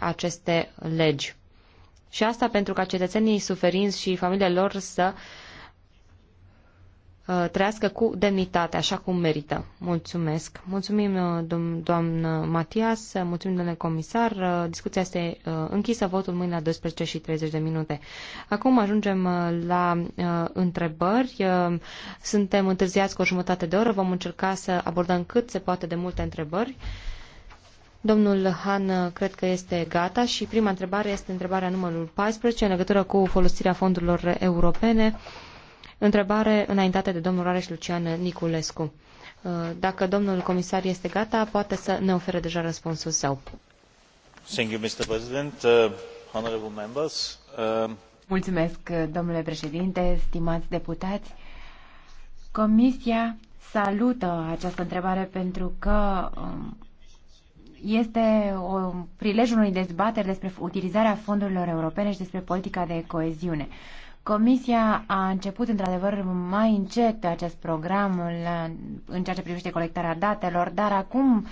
aceste legi. Și asta pentru ca cetățenii suferinți și familiile lor să uh, trăiască cu demnitate, așa cum merită. Mulțumesc. Mulțumim, uh, doamnă Matias, mulțumim, domnule comisar. Uh, discuția este închisă, votul mâine la 12 și 30 de minute. Acum ajungem la întrebări. Suntem întârziați cu o jumătate de oră, vom încerca să abordăm cât se poate de multe întrebări. Domnul Han cred că este gata și prima întrebare este întrebarea numărul 14 în legătură cu folosirea fondurilor europene. Întrebare înaintată de domnul Rareș Lucian Niculescu. Uh, dacă domnul comisar este gata, poate să ne ofere deja răspunsul său. Thank you, Mr. President. Uh, honorable members. Uh... Mulțumesc, uh, domnule președinte, stimați deputați. Comisia salută această întrebare pentru că um, este o, prilejul unui dezbateri despre utilizarea fondurilor europene și despre politica de coeziune. Comisia a început într-adevăr mai încet acest program în ceea ce privește colectarea datelor, dar acum uh,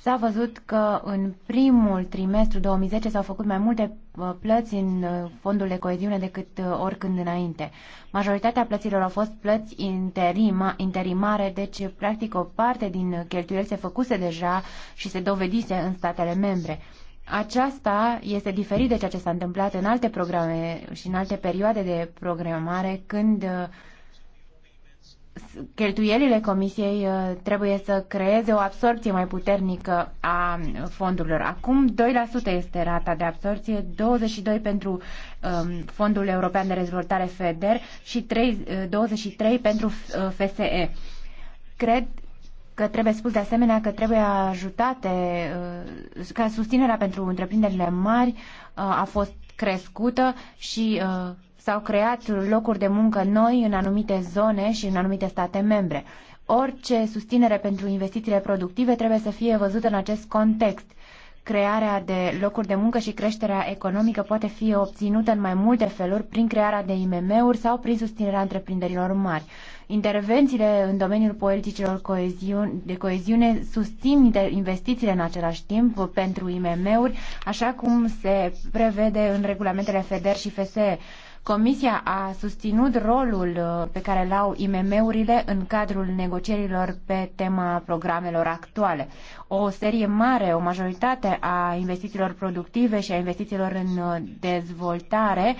S-a văzut că în primul trimestru 2010 s-au făcut mai multe uh, plăți în uh, fondul de coeziune decât uh, oricând înainte. Majoritatea plăților au fost plăți interima, interimare, deci practic o parte din cheltuieli se făcuse deja și se dovedise în statele membre. Aceasta este diferit de ceea ce s-a întâmplat în alte programe și în alte perioade de programare, când cheltuielile Comisiei uh, trebuie să creeze o absorție mai puternică a fondurilor. Acum 2% este rata de absorție, 22% pentru um, Fondul European de rezvoltare FEDER și 3, 23% uh, pentru uh, FSE. Cred că trebuie spus de asemenea că trebuie ajutate, ca susținerea pentru întreprinderile mari a fost crescută și uh, S-au creat locuri de muncă noi în anumite zone și în anumite state membre. Orice susținere pentru investițiile productive trebuie să fie văzută în acest context. Crearea de locuri de muncă și creșterea economică poate fi obținută în mai multe feluri prin crearea de IMM-uri sau prin susținerea întreprinderilor mari. Intervențiile în domeniul politicilor de coeziune susțin investițiile în același timp pentru IMM-uri, așa cum se prevede în regulamentele FEDER și FSE. Comisia a susținut rolul uh, pe care l-au IMM-urile în cadrul negocierilor pe tema programelor actuale. O serie mare, o majoritate a investițiilor productive și a investițiilor în uh, dezvoltare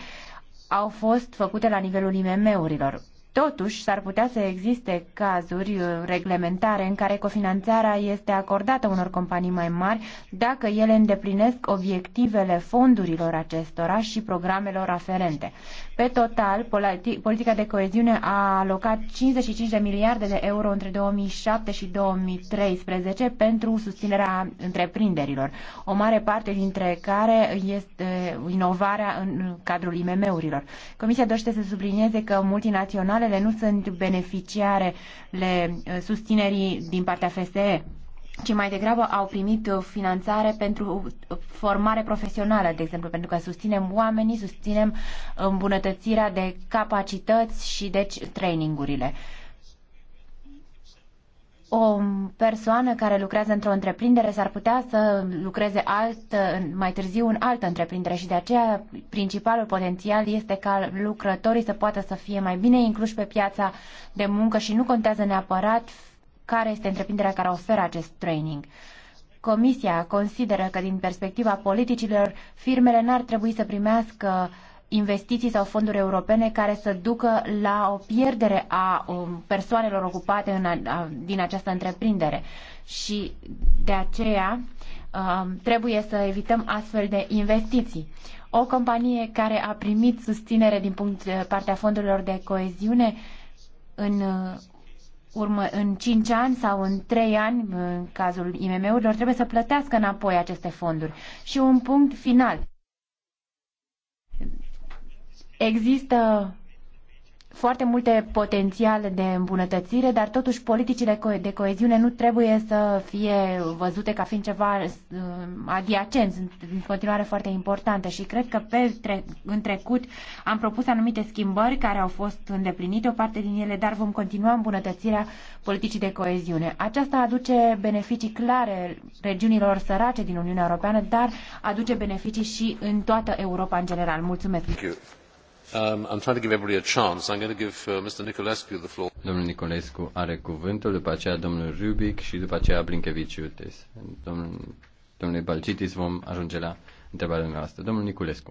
au fost făcute la nivelul IMM-urilor. Totuși, s-ar putea să existe cazuri uh, reglementare în care cofinanțarea este acordată unor companii mai mari dacă ele îndeplinesc obiectivele fondurilor acestora și programelor aferente. Pe total, politica de coeziune a alocat 55 de miliarde de euro între 2007 și 2013 pentru susținerea întreprinderilor, o mare parte dintre care este inovarea în cadrul IMM-urilor. Comisia dorește să sublinieze că multinaționalele nu sunt beneficiarele uh, susținerii din partea FSE ci mai degrabă au primit finanțare pentru formare profesională, de exemplu, pentru că susținem oamenii, susținem îmbunătățirea de capacități și deci trainingurile. O persoană care lucrează într-o întreprindere s-ar putea să lucreze alt, mai târziu în altă întreprindere și de aceea principalul potențial este ca lucrătorii să poată să fie mai bine incluși pe piața de muncă și nu contează neapărat care este întreprinderea care oferă acest training. Comisia consideră că din perspectiva politicilor, firmele n-ar trebui să primească investiții sau fonduri europene care să ducă la o pierdere a um, persoanelor ocupate în a, din această întreprindere. Și de aceea um, trebuie să evităm astfel de investiții. O companie care a primit susținere din punct partea fondurilor de coeziune în urmă, în 5 ani sau în 3 ani, în cazul IMM-urilor, trebuie să plătească înapoi aceste fonduri. Și un punct final. Există foarte multe potențiale de îmbunătățire, dar totuși politicile de coeziune nu trebuie să fie văzute ca fiind ceva uh, adiacent, sunt în continuare foarte importante și cred că pe tre- în trecut am propus anumite schimbări care au fost îndeplinite, o parte din ele, dar vom continua îmbunătățirea politicii de coeziune. Aceasta aduce beneficii clare regiunilor sărace din Uniunea Europeană, dar aduce beneficii și în toată Europa în general. Mulțumesc! Mulțumesc. Domnul Niculescu are cuvântul, după aceea domnul Rubic și după aceea Blinkeviciutis. Deci, domnul, domnule Balcitis vom ajunge la întrebarea dumneavoastră. Domnul Niculescu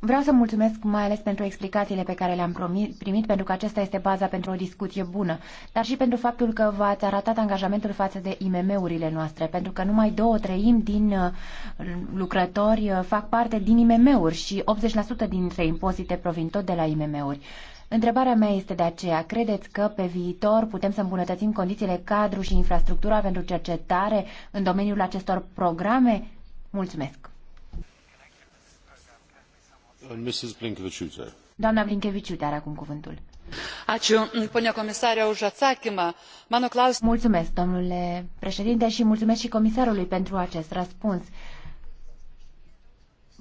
Vreau să mulțumesc mai ales pentru explicațiile pe care le-am primit, pentru că acesta este baza pentru o discuție bună, dar și pentru faptul că v-ați arătat angajamentul față de IMM-urile noastre, pentru că numai două treimi din uh, lucrători uh, fac parte din IMM-uri și 80% dintre impozite provin tot de la IMM-uri. Întrebarea mea este de aceea, credeți că pe viitor putem să îmbunătățim condițiile cadru și infrastructura pentru cercetare în domeniul acestor programe? Mulțumesc! are cuvântul. Ačiū, ponia comisarė, už atsakymą. Mano klaus... Mulțumesc, domnule președinte, și mulțumesc și comisarului pentru acest răspuns.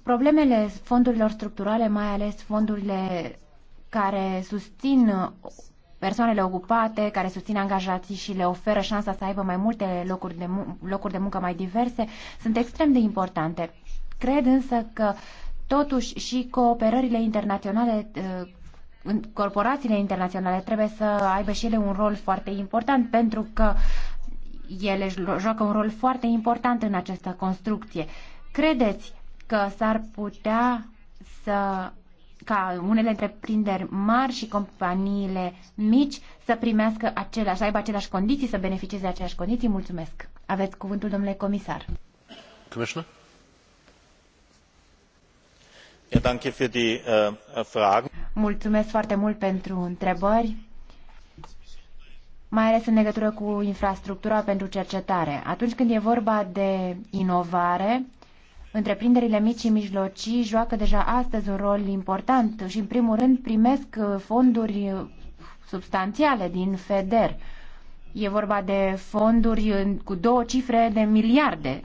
Problemele fondurilor structurale, mai ales fondurile care susțin persoanele ocupate, care susțin angajații și le oferă șansa să aibă mai multe locuri de, mun- locuri de muncă mai diverse, sunt extrem de importante. Cred însă că uh, Totuși și cooperările internaționale ă, corporațiile internaționale trebuie să aibă și ele un rol foarte important pentru că ele joacă un rol foarte important în această construcție. Credeți că s-ar putea să ca unele întreprinderi mari și companiile mici să primească aceleași, să aibă aceleași condiții, să beneficieze de aceleași condiții? Mulțumesc. Aveți cuvântul, domnule comisar. Commissioner? Uh, uh, mulțumesc foarte mult pentru întrebări, mai ales în legătură cu infrastructura pentru cercetare. Atunci când e vorba de inovare, Întreprinderile mici și mijlocii joacă deja astăzi un rol important și, în primul rând, primesc uh, fonduri substanțiale din FEDER. E vorba de fonduri cu două cifre de miliarde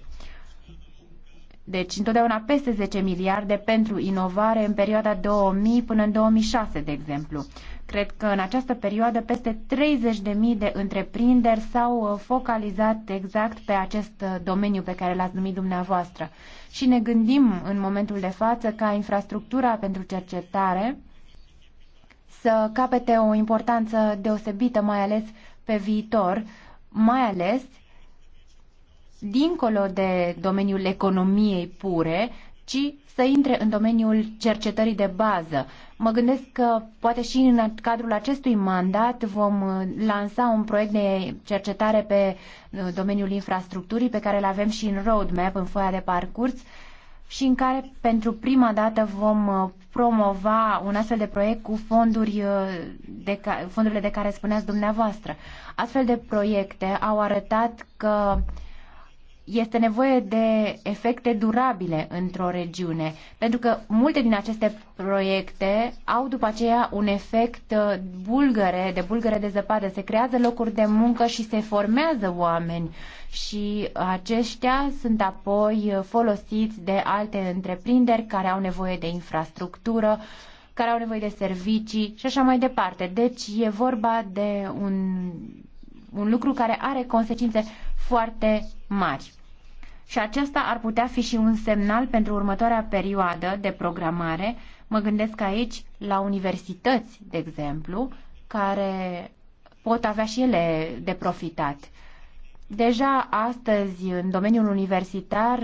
deci întotdeauna peste 10 miliarde pentru inovare în perioada 2000 până în 2006, de exemplu. Cred că în această perioadă peste 30.000 de întreprinderi s-au uh, focalizat exact pe acest uh, domeniu pe care l-ați numit dumneavoastră. Și ne gândim în momentul de față ca infrastructura pentru cercetare să capete o importanță deosebită, mai ales pe viitor, mai ales dincolo de domeniul economiei pure, ci să intre în domeniul cercetării de bază. Mă gândesc că poate și în cadrul acestui mandat vom uh, lansa un proiect de cercetare pe uh, domeniul infrastructurii pe care îl avem și în roadmap, în foaia de parcurs și în care pentru prima dată vom uh, promova un astfel de proiect cu fonduri de ca, fondurile de care spuneați dumneavoastră. Astfel de proiecte au arătat că uh, este nevoie de efecte durabile într-o regiune, pentru că multe din aceste proiecte au după aceea un efect uh, bulgăre, de bulgăre de zăpadă. Se creează locuri de muncă și se formează oameni și aceștia sunt apoi uh, folosiți de alte întreprinderi care au nevoie de infrastructură, care au nevoie de servicii și așa mai departe. Deci e vorba de un, un lucru care are consecințe foarte mari. Și acesta ar putea fi și un semnal pentru următoarea perioadă de programare. Mă gândesc aici la universități, de exemplu, care pot avea și ele de profitat. Deja astăzi, în domeniul universitar,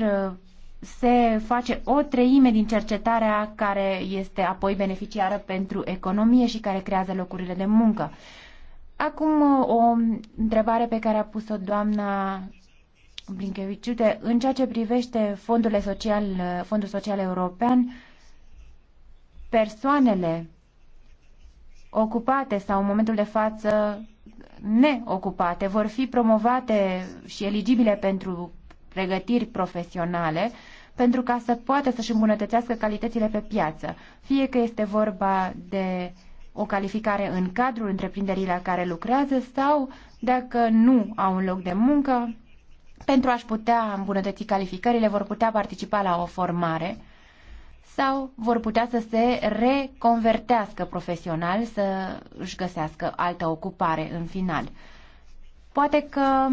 se face o treime din cercetarea care este apoi beneficiară pentru economie și care creează locurile de muncă. Acum o întrebare pe care a pus-o doamna Blinkeviciute în ceea ce privește fondurile social, fondul social european, persoanele ocupate sau în momentul de față neocupate vor fi promovate și eligibile pentru pregătiri profesionale pentru ca să poată să-și îmbunătățească calitățile pe piață. Fie că este vorba de uh, o calificare în cadrul întreprinderii la care lucrează sau, dacă nu au un loc de muncă, pentru a-și putea îmbunătăți calificările, vor putea participa la o formare sau vor putea să se reconvertească profesional, să își găsească altă ocupare în final. Poate că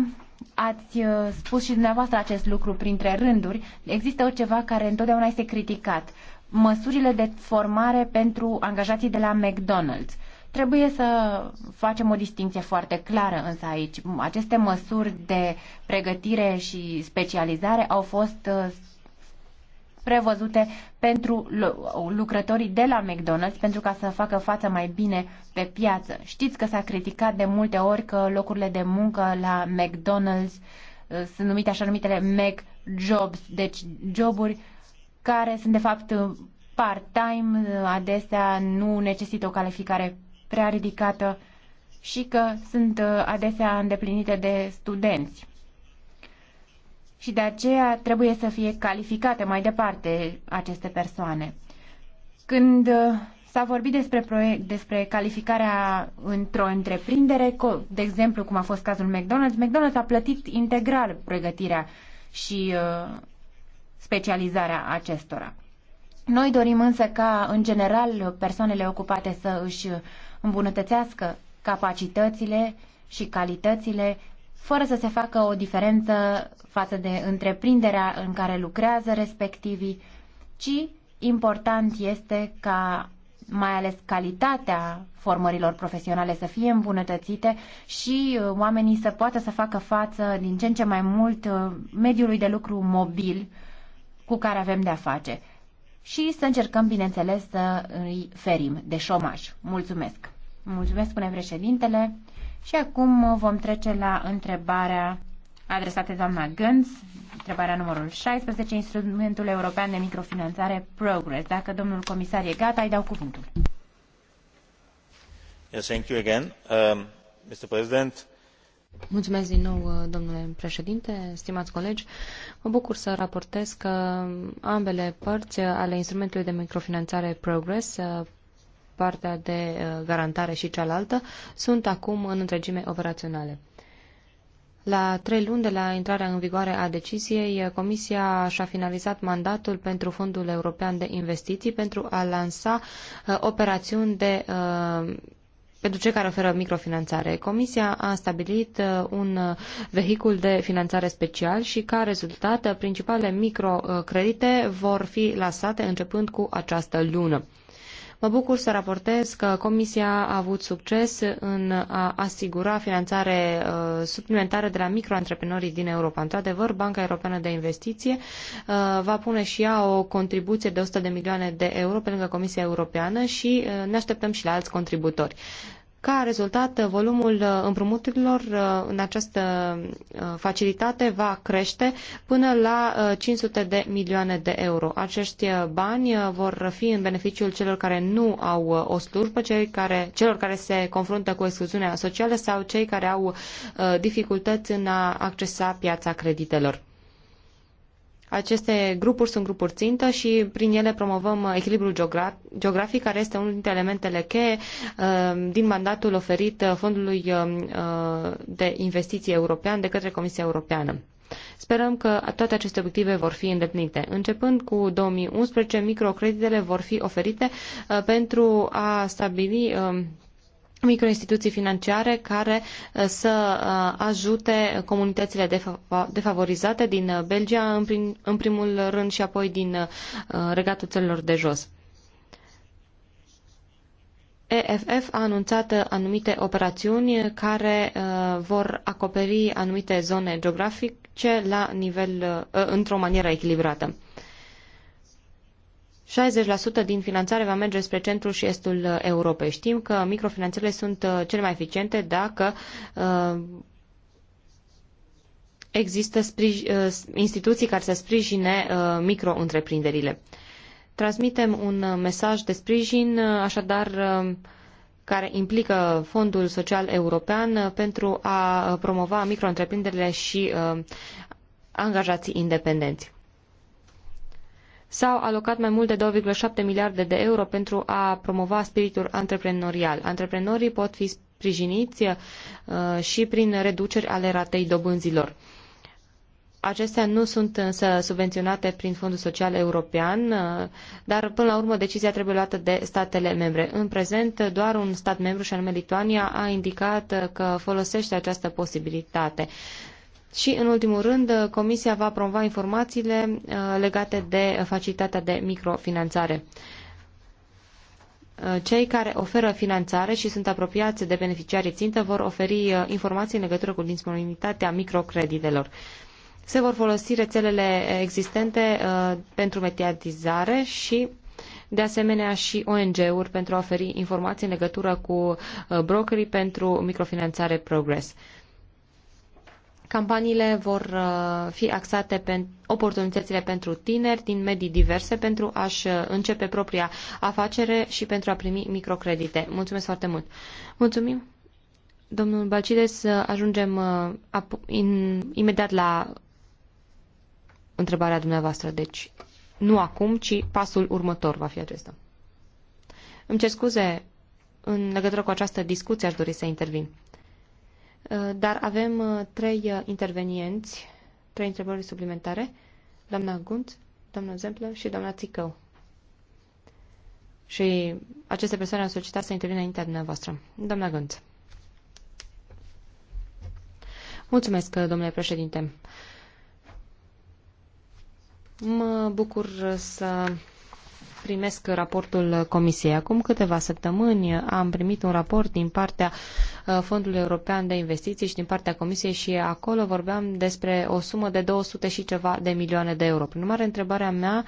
ați uh, spus și dumneavoastră acest lucru printre rânduri, există ceva care întotdeauna este criticat măsurile de formare pentru angajații de la McDonald's. Trebuie să facem o distinție foarte clară însă aici. Aceste măsuri de pregătire și specializare au fost uh, prevăzute pentru lucrătorii de la McDonald's pentru ca să facă față mai bine pe piață. Știți că s-a criticat de multe ori că locurile de muncă la McDonald's uh, sunt numite așa numitele Mac Jobs, deci joburi uh, care sunt de fapt part-time, adesea nu necesită o calificare prea ridicată și că sunt uh, adesea îndeplinite de studenți. Și de aceea trebuie să fie calificate mai departe aceste persoane. Când uh, s-a vorbit despre, proiect, despre calificarea într-o întreprindere, de exemplu cum a fost cazul McDonald's, McDonald's a plătit integral pregătirea și uh, specializarea acestora. Noi dorim însă ca, în general, persoanele ocupate să își îmbunătățească capacitățile și calitățile, fără să se facă o diferență față de întreprinderea în care lucrează respectivii, ci important este ca mai ales calitatea formărilor profesionale să fie îmbunătățite și uh, oamenii să poată să facă față din ce în ce mai mult uh, mediului de lucru mobil cu care avem de-a face și să încercăm, bineînțeles, să îi ferim de șomaj. Mulțumesc! Mulțumesc, spune președintele. Și acum vom trece la întrebarea adresată doamna Gânz, întrebarea numărul 16, instrumentul european de microfinanțare Progress. Dacă domnul comisar e gata, îi dau cuvântul. Yes, thank you again, um, Mr. President. Mulțumesc din nou, uh, domnule președinte, stimați colegi. Mă bucur să raportez că ambele părți ale instrumentului de microfinanțare Progress, uh, partea de uh, garantare și cealaltă, sunt acum în întregime operaționale. La trei luni de la intrarea în vigoare a deciziei, Comisia și-a finalizat mandatul pentru Fondul European de Investiții pentru a lansa operațiuni de pentru cei care oferă microfinanțare. Comisia a stabilit uh, un uh, vehicul de finanțare special și ca rezultat uh, principalele microcredite vor fi lăsate, începând cu această lună. Mă bucur să raportez că Comisia a avut succes în a asigura finanțare uh, suplimentară de la microantreprenorii din Europa. Într-adevăr, Banca Europeană de Investiție uh, va pune și ea o contribuție de 100 de milioane de euro pe lângă Comisia Europeană și uh, ne așteptăm și la alți contributori. Ca rezultat, volumul uh, împrumuturilor uh, în această uh, facilitate va crește până la 500 de milioane de euro. Acești bani vor fi în beneficiul celor care nu au o slujbă, cei care, celor care se confruntă cu excluziunea socială sau cei care au dificultăți în a accesa piața creditelor. Aceste grupuri sunt grupuri țintă și prin ele promovăm echilibrul geografic, care este unul dintre elementele cheie uh, din mandatul oferit Fondului uh, de Investiții European de către Comisia Europeană. Sperăm că toate aceste obiective vor fi îndeplinite. Începând cu 2011, microcreditele vor fi oferite uh, pentru a stabili microinstituții financiare care uh, să uh, ajute comunitățile defavorizate din uh, Belgia, în primul rând și apoi din regatul țărilor de jos. EFF a anunțat anumite operațiuni care vor acoperi anumite zone geografice la nivel într-o manieră echilibrată. 60% din finanțare va merge spre centrul și estul uh, Europei. Știm că microfinanțele sunt uh, cele mai eficiente dacă uh, există instituții care să sprijine micro-întreprinderile. Transmitem un mesaj de sprijin, așadar care implică Fondul Social European pentru a promova micro-întreprinderile și angajații independenți s-au alocat mai mult de 2,7 miliarde de euro pentru a promova spiritul antreprenorial. Antreprenorii pot fi sprijiniți uh, și prin reduceri ale ratei dobânzilor. Acestea nu sunt însă subvenționate prin Fondul Social European, uh, dar până la urmă decizia trebuie luată de statele membre. În prezent, doar un stat membru, și anume Lituania, a indicat că folosește această posibilitate. Și, în ultimul rând, Comisia va promova informațiile uh, legate de facilitatea de microfinanțare. Uh, cei care oferă finanțare și sunt apropiați de beneficiarii țintă vor oferi uh, informații în legătură cu disponibilitatea microcreditelor. Se vor folosi rețelele existente pentru mediatizare și de asemenea și ONG-uri pentru a oferi informații în legătură cu brokerii pentru microfinanțare Progress. Campaniile vor uh, fi axate pe oportunitățile pentru tineri din medii diverse pentru a-și uh, începe propria afacere și pentru a primi microcredite. Mulțumesc foarte mult! Mulțumim! Domnul Balcides, uh, ajungem imediat la întrebarea dumneavoastră. Deci, nu acum, ci pasul următor va fi acesta. Îmi cer scuze, în legătură cu această discuție aș dori să intervin. Uh, dar avem uh, trei uh, intervenienți, trei întrebări suplimentare, doamna Gunt, doamna Zemplă și doamna Țicău. Și aceste persoane au solicitat să intervină înaintea dumneavoastră. Doamna Gunt. Mulțumesc, domnule președinte. Mă bucur să primesc raportul Comisiei. Acum câteva săptămâni am primit un raport din partea uh, Fondului European de Investiții și din partea Comisiei și acolo vorbeam despre o sumă de 200 și ceva de milioane de euro. Prin urmare, întrebarea mea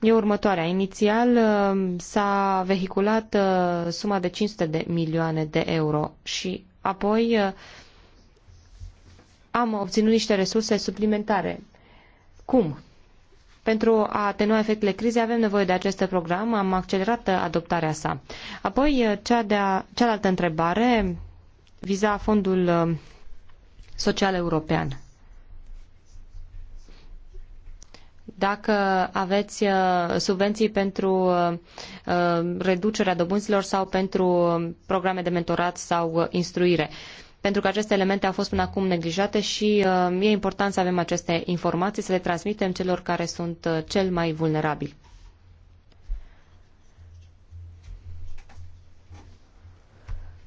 e următoarea. Inițial uh, s-a vehiculat uh, suma de 500 de milioane de euro și apoi am obținut niște resurse suplimentare. Cum? Pentru a atenua efectele crizei avem nevoie de acest program, am accelerat adoptarea sa. Apoi, cea de-a, cealaltă întrebare viza Fondul uh, Social European. dacă aveți uh, subvenții pentru uh, reducerea dobânzilor sau pentru programe de mentorat sau instruire pentru că aceste elemente au fost până acum neglijate și uh, e important să avem aceste informații, să le transmitem celor care sunt uh, cel mai vulnerabili.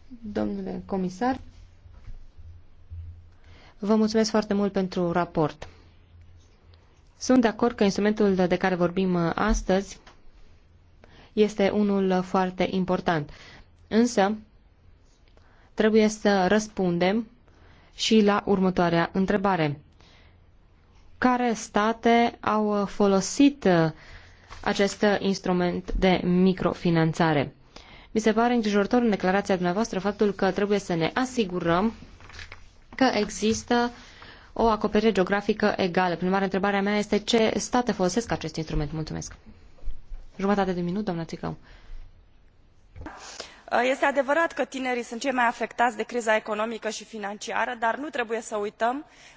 Domnule comisar, vă mulțumesc foarte mult pentru raport. Sunt de acord că instrumentul de care vorbim uh, astăzi este unul foarte important. Însă, trebuie să răspundem și la următoarea întrebare. Care state au folosit acest instrument de microfinanțare? Mi se pare îngrijorător în declarația dumneavoastră faptul că trebuie să ne asigurăm că există o acoperire geografică egală. Prin urmare, întrebarea mea este ce state folosesc acest instrument? Mulțumesc. Jumătate de minut, doamna Țicău. Uh, este adevărat că tinerii sunt cei mai afectai de criza economică i financiară dar nu trebuie să uităm că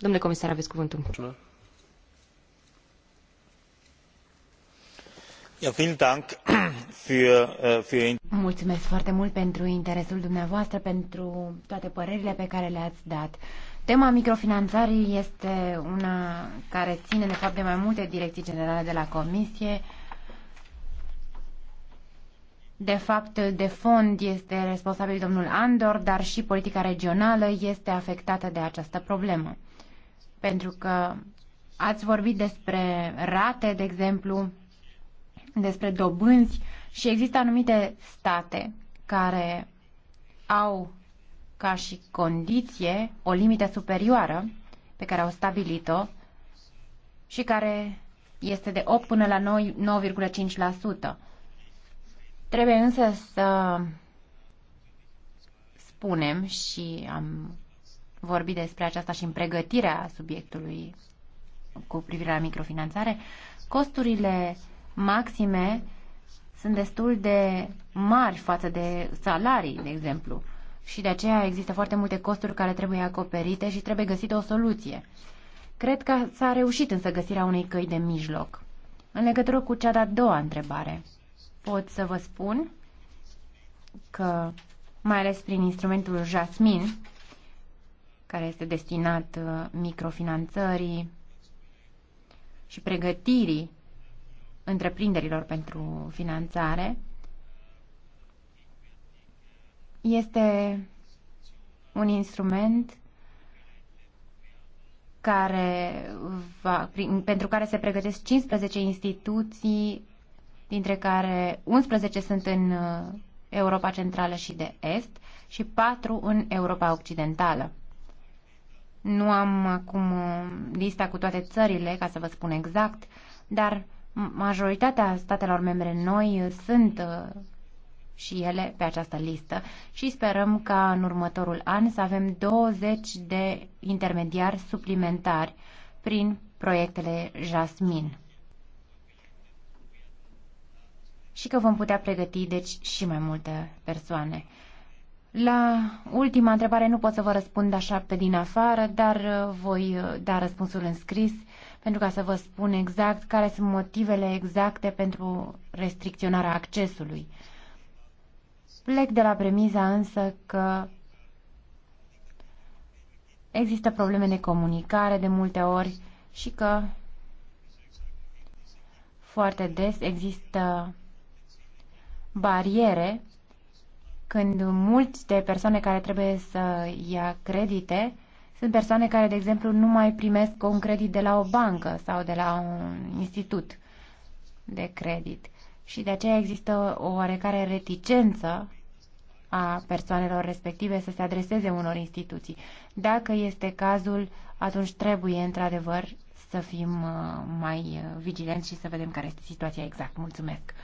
Domnule comisar, aveți cuvântul. Äh, Mulțumesc foarte mult pentru interesul dumneavoastră, pentru toate părerile pe care le-ați dat. Tema microfinanțării este una care ține de fapt de mai multe direcții generale de la Comisie. De fapt, de fond este responsabil domnul Andor, dar și politica regională este afectată de această problemă pentru că ați vorbit despre rate, de exemplu, despre dobânzi și există anumite state care au ca și condiție o limită superioară pe care au stabilit-o și care este de 8 până la 9,5%. Trebuie însă să spunem și am vorbit despre aceasta și în pregătirea subiectului cu privire la microfinanțare, costurile maxime sunt destul de mari față de salarii, de exemplu. Și de aceea există foarte multe costuri care trebuie acoperite și trebuie găsită o soluție. Cred că s-a reușit însă găsirea unei căi de mijloc. În legătură cu cea de-a doua întrebare, pot să vă spun că, mai ales prin instrumentul Jasmin, care este destinat uh, microfinanțării și pregătirii întreprinderilor pentru finanțare, este un instrument care va, prin, pentru care se pregătesc 15 instituții, dintre care 11 sunt în uh, Europa Centrală și de Est și 4 în Europa Occidentală. Nu am acum uh, lista cu toate țările, ca să vă spun exact, dar majoritatea statelor membre noi uh, sunt uh, și ele pe această listă și sperăm ca în următorul an să avem 20 de intermediari suplimentari prin proiectele Jasmin. Și că vom putea pregăti, deci, și mai multe persoane. La ultima întrebare nu pot să vă răspund așa pe din afară, dar uh, voi uh, da răspunsul în scris pentru ca să vă spun exact care sunt motivele exacte pentru restricționarea accesului. Plec de la premiza însă că există probleme de comunicare de multe ori și că foarte des există bariere când multe persoane care trebuie să ia credite sunt persoane care, de exemplu, nu mai primesc un credit de la o bancă sau de la un institut de credit. Și de aceea există o oarecare reticență a persoanelor respective să se adreseze unor instituții. Dacă este cazul, atunci trebuie, într-adevăr, să fim uh, mai uh, vigilenți și să vedem care este situația exact. Mulțumesc!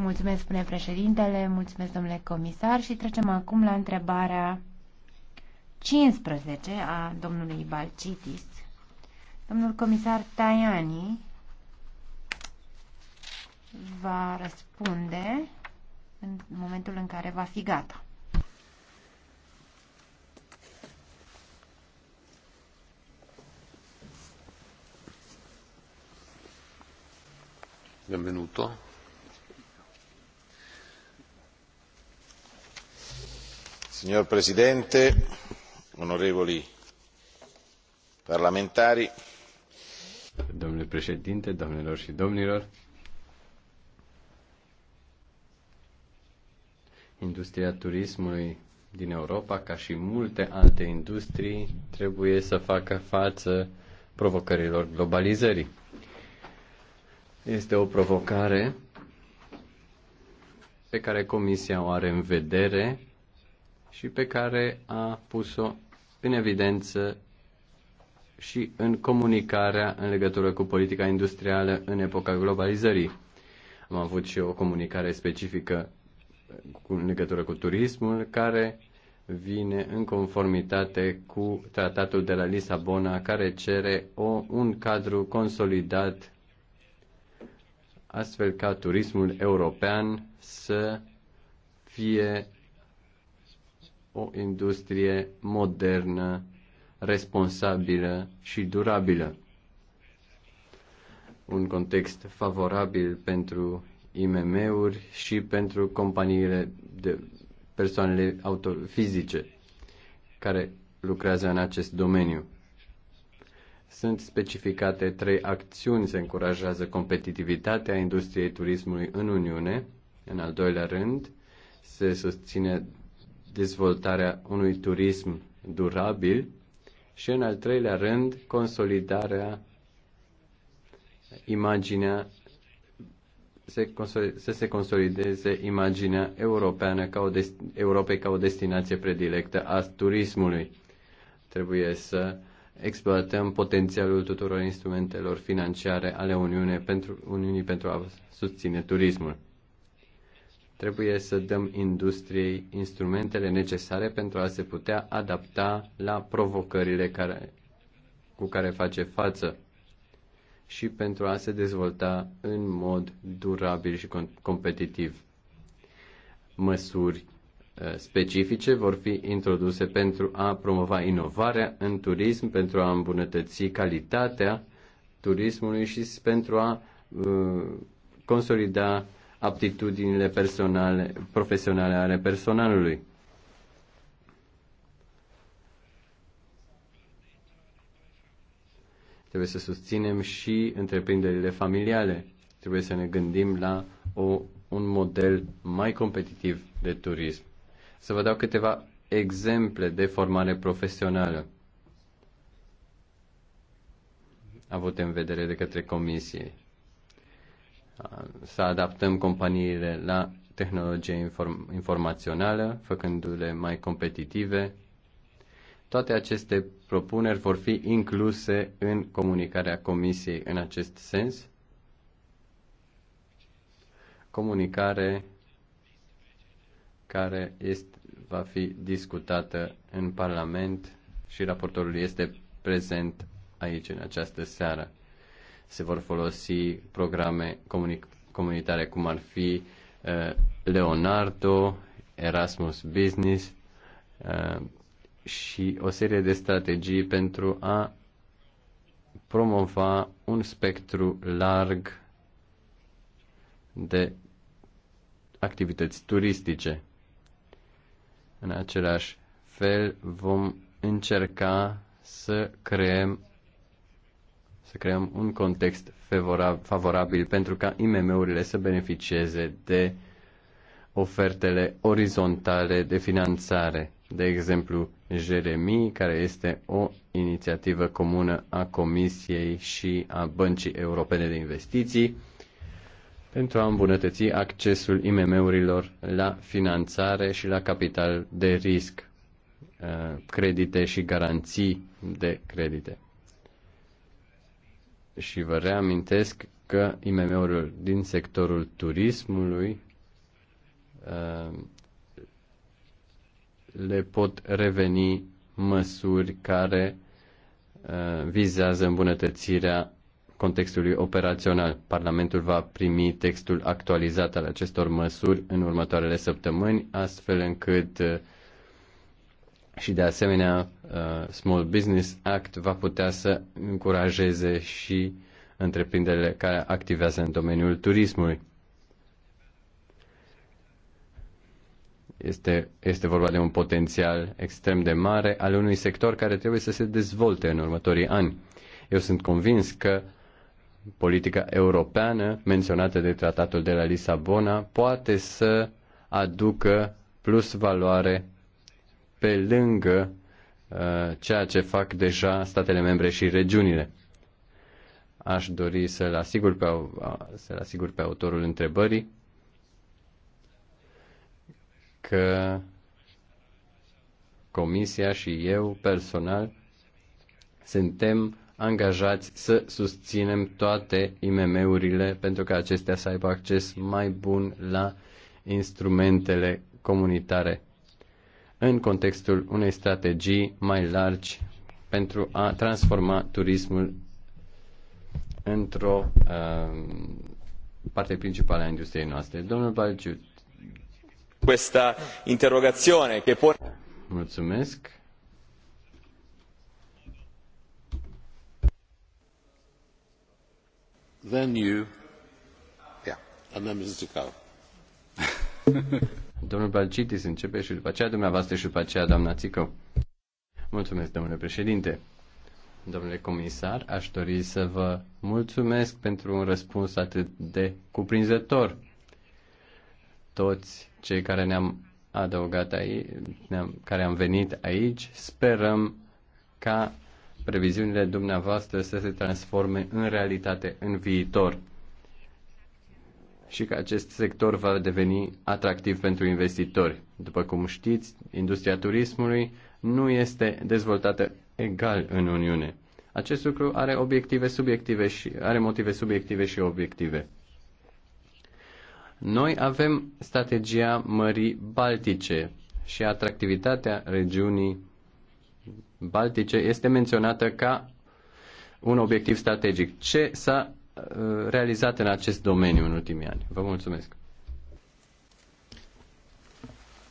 Mulțumesc, spune președintele, mulțumesc, domnule comisar, și trecem acum la întrebarea 15 a domnului Balcitis. Domnul comisar Tajani va răspunde în momentul în care va fi gata. Bienvenuto. signor presidente onorevoli parlamentari domnule președinte doamnelor și domnilor industria turismului din Europa, ca și multe alte industrii, trebuie să facă față provocărilor globalizării. Este o provocare pe care Comisia o are în vedere și pe care a pus-o în evidență și în comunicarea în legătură cu politica industrială în epoca globalizării. Am avut și o comunicare specifică în legătură cu turismul, care vine în conformitate cu tratatul de la Lisabona, care cere o, un cadru consolidat astfel ca turismul european să fie o industrie modernă, responsabilă și durabilă. Un context favorabil pentru IMM-uri și pentru companiile de persoanele autofizice fizice care lucrează în acest domeniu. Sunt specificate trei acțiuni, se încurajează competitivitatea industriei turismului în Uniune, în al doilea rând, se susține dezvoltarea unui turism durabil și, în al treilea rând, consolidarea imaginea se, să se consolideze imaginea europeană ca o Europei ca o destinație predilectă a turismului. Trebuie să exploatăm potențialul tuturor instrumentelor financiare ale Uniunii pentru, Uniunii pentru a susține turismul. Trebuie să dăm industriei instrumentele necesare pentru a se putea adapta la provocările care, cu care face față și pentru a se dezvolta în mod durabil și competitiv. Măsuri uh, specifice vor fi introduse pentru a promova inovarea în turism, pentru a îmbunătăți calitatea turismului și pentru a uh, consolida aptitudinile personale, profesionale ale personalului. Trebuie să susținem și întreprinderile familiale. Trebuie să ne gândim la o, un model mai competitiv de turism. Să vă dau câteva exemple de formare profesională avut în vedere de către comisie să adaptăm companiile la tehnologie inform- informațională, făcându-le mai competitive. Toate aceste propuneri vor fi incluse în comunicarea Comisiei în acest sens. Comunicare care este, va fi discutată în Parlament și raportorul este prezent aici în această seară se vor folosi programe comunitare cum ar fi eh, Leonardo, Erasmus Business eh, și o serie de strategii pentru a promova un spectru larg de activități turistice. În același fel, vom încerca să creăm să creăm un context favorabil pentru ca IMM-urile să beneficieze de ofertele orizontale de finanțare. De exemplu, Jeremy, care este o inițiativă comună a Comisiei și a Băncii Europene de Investiții, pentru a îmbunătăți accesul IMM-urilor la finanțare și la capital de risc, uh, credite și garanții de credite și vă reamintesc că IMM-urile din sectorul turismului uh, le pot reveni măsuri care uh, vizează îmbunătățirea contextului operațional. Parlamentul va primi textul actualizat al acestor măsuri în următoarele săptămâni, astfel încât uh, și de asemenea uh, Small Business Act va putea să încurajeze și întreprinderile care activează în domeniul turismului. Este, este vorba de un potențial extrem de mare al unui sector care trebuie să se dezvolte în următorii ani. Eu sunt convins că politica europeană menționată de tratatul de la Lisabona poate să aducă plus valoare pe lângă uh, ceea ce fac deja statele membre și regiunile. Aș dori să-l asigur pe, să asigur pe autorul întrebării că Comisia și eu personal suntem angajați să susținem toate IMM-urile pentru ca acestea să aibă acces mai bun la instrumentele comunitare în contextul unei strategii mai largi pentru a transforma turismul într-o uh, parte principală a industriei noastre. Domnul Balciu. Questa interrogazione che pone... Mulțumesc. Then you... Yeah, and then Mrs. Domnul Balcitis începe și după aceea dumneavoastră și după aceea doamna Țicău. Mulțumesc, domnule președinte. Domnule comisar, aș dori să vă mulțumesc pentru un răspuns atât de cuprinzător. Toți cei care ne-am adăugat aici, ne-am, care am venit aici, sperăm ca previziunile dumneavoastră să se transforme în realitate în viitor și că acest sector va deveni atractiv pentru investitori. După cum știți, industria turismului nu este dezvoltată egal în Uniune. Acest lucru are obiective subiective și are motive subiective și obiective. Noi avem strategia Mării Baltice și atractivitatea regiunii Baltice este menționată ca un obiectiv strategic. Ce s-a realizate în acest domeniu în ultimii ani. Vă mulțumesc.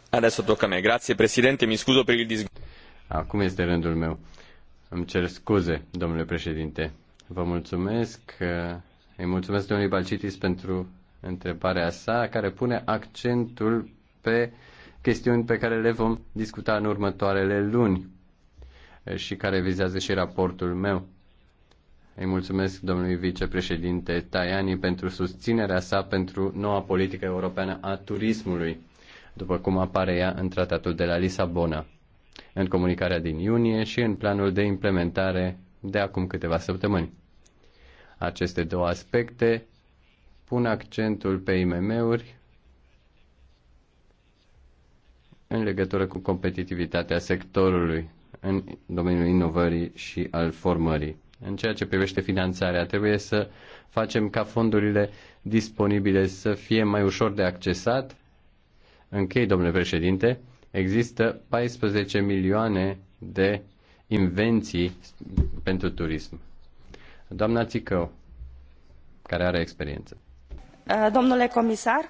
Adesso tocca a me. Grazie Presidente, mi scuso per il dis... Acum este rândul meu. Îmi cer scuze, domnule președinte. Vă mulțumesc. Îi mulțumesc domnului Balcitis pentru întrebarea sa, care pune accentul pe chestiuni pe care le vom discuta în următoarele luni și care vizează și raportul meu. Îi mulțumesc domnului vicepreședinte Tajani pentru susținerea sa pentru noua politică europeană a turismului, după cum apare ea în tratatul de la Lisabona, în comunicarea din iunie și în planul de implementare de acum câteva săptămâni. Aceste două aspecte pun accentul pe IMM-uri în legătură cu competitivitatea sectorului în domeniul inovării și al formării. În ceea ce privește finanțarea, trebuie să facem ca fondurile disponibile să fie mai ușor de accesat. Închei, domnule președinte, există 14 milioane de invenții pentru turism. Doamna Țicău, care are experiență. Domnule comisar,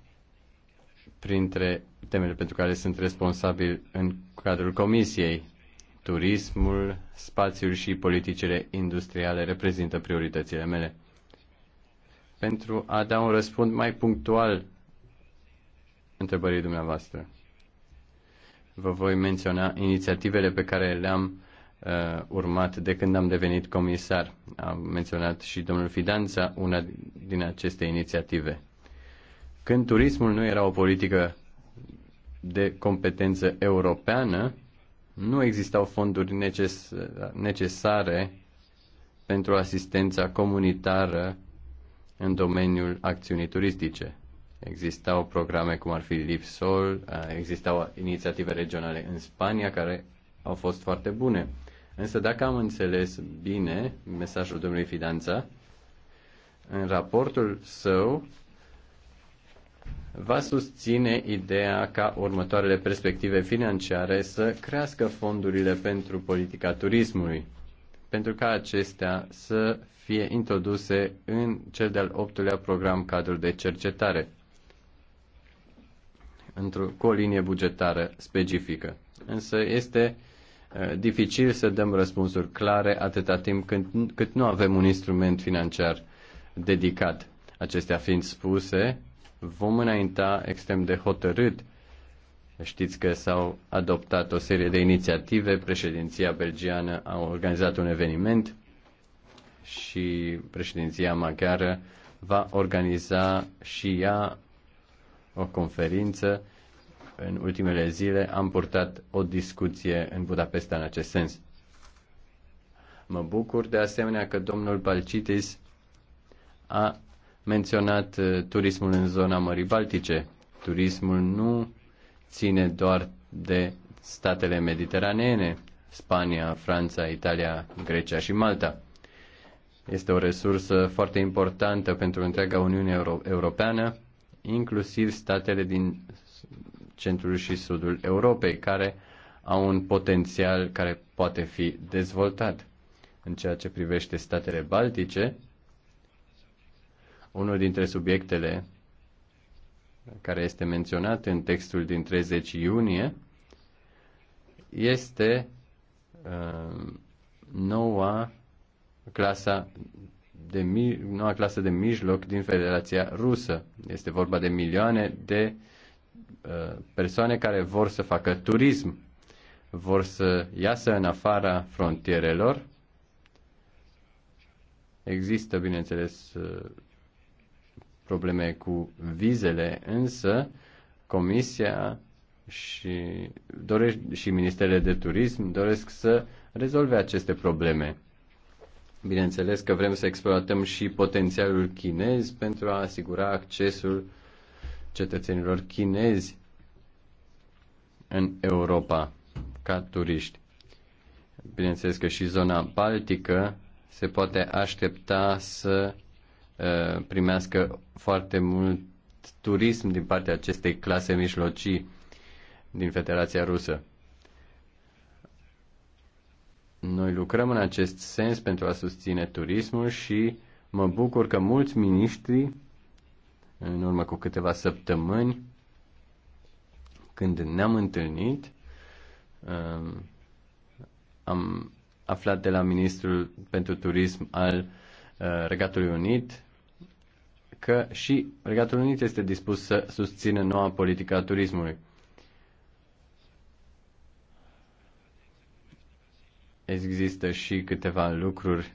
printre temele pentru care sunt responsabil în cadrul Comisiei. Turismul, spațiul și politicile industriale reprezintă prioritățile mele. Pentru a da un răspuns mai punctual întrebării dumneavoastră, vă voi menționa inițiativele pe care le-am uh, urmat de când am devenit comisar. Am menționat și domnul Fidanța una din aceste inițiative când turismul nu era o politică de competență europeană, nu existau fonduri necesare pentru asistența comunitară în domeniul acțiunii turistice. Existau programe cum ar fi Lipsol, existau inițiative regionale în Spania care au fost foarte bune. Însă dacă am înțeles bine mesajul domnului Fidanța, în raportul său va susține ideea ca următoarele perspective financiare să crească fondurile pentru politica turismului, pentru ca acestea să fie introduse în cel de-al optulea program cadru de cercetare, într-o, cu o linie bugetară specifică. Însă este uh, dificil să dăm răspunsuri clare atâta timp cât, cât nu avem un instrument financiar dedicat. Acestea fiind spuse, vom înainta extrem de hotărât. Știți că s-au adoptat o serie de inițiative, președinția belgiană a organizat un eveniment și președinția maghiară va organiza și ea o conferință. În ultimele zile am purtat o discuție în Budapesta în acest sens. Mă bucur de asemenea că domnul Palcitis a menționat uh, turismul în zona Mării Baltice. Turismul nu ține doar de statele mediteraneene, Spania, Franța, Italia, Grecia și Malta. Este o resursă foarte importantă pentru întreaga Uniune Euro- Europeană, inclusiv statele din centrul și sudul Europei, care au un potențial care poate fi dezvoltat. În ceea ce privește statele baltice, unul dintre subiectele care este menționat în textul din 30 iunie este uh, noua clasa de noua clasă de mijloc din Federația Rusă. Este vorba de milioane de uh, persoane care vor să facă turism, vor să iasă în afara frontierelor. Există, bineînțeles, uh, probleme cu vizele, însă Comisia și, doresc, și Ministerele de Turism doresc să rezolve aceste probleme. Bineînțeles că vrem să exploatăm și potențialul chinez pentru a asigura accesul cetățenilor chinezi în Europa ca turiști. Bineînțeles că și zona baltică se poate aștepta să Uh, primească foarte mult turism din partea acestei clase mijlocii din Federația Rusă. Noi lucrăm în acest sens pentru a susține turismul și mă bucur că mulți miniștri, în urmă cu câteva săptămâni, când ne-am întâlnit, um, am aflat de la ministrul pentru turism al uh, Regatului Unit că și Regatul Unit este dispus să susțină noua politică a turismului. Există și câteva lucruri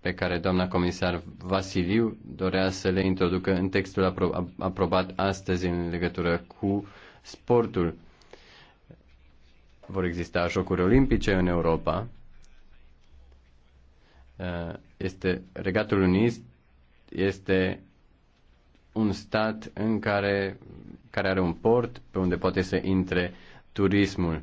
pe care doamna comisar Vasiliu dorea să le introducă în textul apro- aprobat astăzi în legătură cu sportul. Vor exista jocuri olimpice în Europa. Uh, este Regatul Unit este un stat în care, care are un port pe unde poate să intre turismul.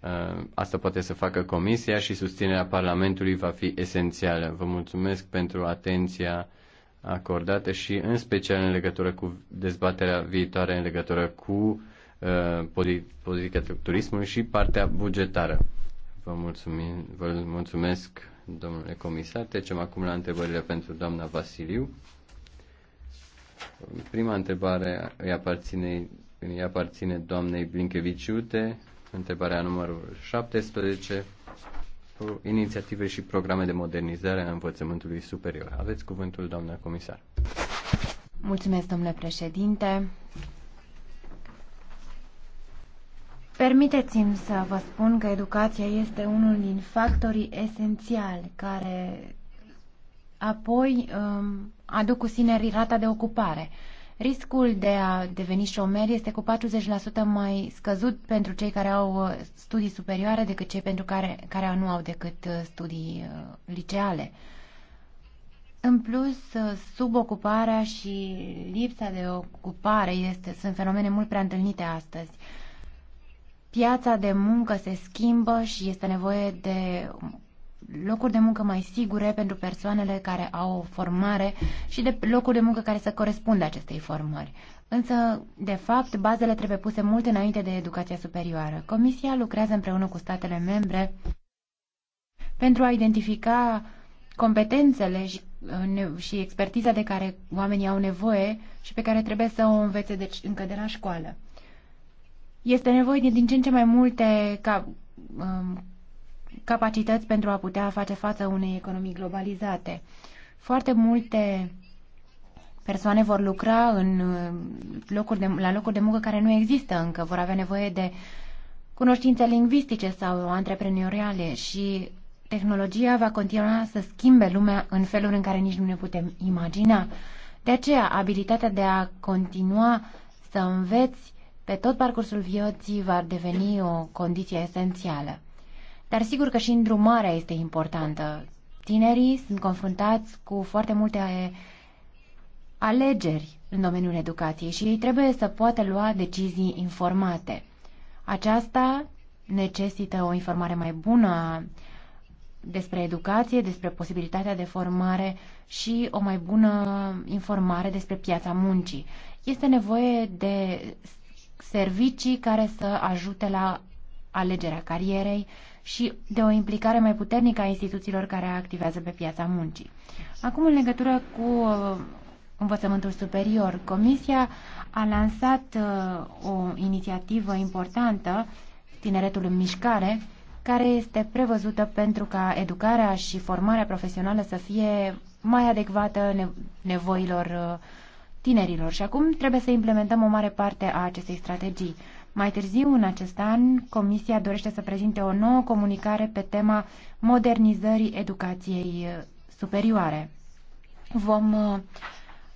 Uh, asta poate să facă Comisia și susținerea Parlamentului va fi esențială. Vă mulțumesc pentru atenția acordată și în special în legătură cu dezbaterea viitoare în legătură cu uh, politica turismului și partea bugetară. Vă, mulțumim, vă mulțumesc, domnule comisar. Trecem acum la întrebările pentru doamna Vasiliu. Prima întrebare îi aparține, îi aparține doamnei Blinkeviciute, întrebarea numărul 17, inițiative și programe de modernizare a învățământului superior. Aveți cuvântul, doamna comisar. Mulțumesc, domnule președinte. Permiteți-mi să vă spun că educația este unul din factorii esențiali care apoi um, aduc cu sine rata de ocupare. Riscul de a deveni șomer este cu 40% mai scăzut pentru cei care au uh, studii superioare decât cei pentru care, care nu au decât uh, studii uh, liceale. În plus, subocuparea și lipsa de ocupare este, sunt fenomene mult prea întâlnite astăzi. Piața de muncă se schimbă și este nevoie de locuri de muncă mai sigure pentru persoanele care au o formare și de locuri de muncă care să corespundă acestei formări. Însă, de fapt, bazele trebuie puse mult înainte de educația superioară. Comisia lucrează împreună cu statele membre pentru a identifica competențele și, uh, și expertiza de care oamenii au nevoie și pe care trebuie să o învețe deci, încă de la școală. Este nevoie de din ce în ce mai multe ca, um, capacități pentru a putea face față unei economii globalizate. Foarte multe persoane vor lucra în uh, locuri de, la locuri de muncă care nu există încă, vor avea nevoie de cunoștințe lingvistice sau antreprenoriale și tehnologia va continua să schimbe lumea în feluri în care nici nu ne putem imagina. De aceea, abilitatea de a continua să înveți pe tot parcursul vieții va deveni o condiție esențială. Dar sigur că și îndrumarea este importantă. Tinerii sunt confruntați cu foarte multe eh, alegeri în domeniul educației și ei trebuie să poată lua decizii informate. Aceasta necesită o informare mai bună despre educație, despre posibilitatea de formare și o mai bună informare despre piața muncii. Este nevoie de servicii care să ajute la alegerea carierei, și de o implicare mai puternică a instituțiilor care activează pe piața muncii. Acum, în legătură cu uh, învățământul superior, Comisia a lansat uh, o inițiativă importantă, Tineretul în Mișcare, care este prevăzută pentru ca educarea și formarea profesională să fie mai adecvată nevoilor uh, tinerilor. Și acum trebuie să implementăm o mare parte a acestei strategii. Mai târziu, în acest an, Comisia dorește să prezinte o nouă comunicare pe tema modernizării educației uh, superioare. Vom uh,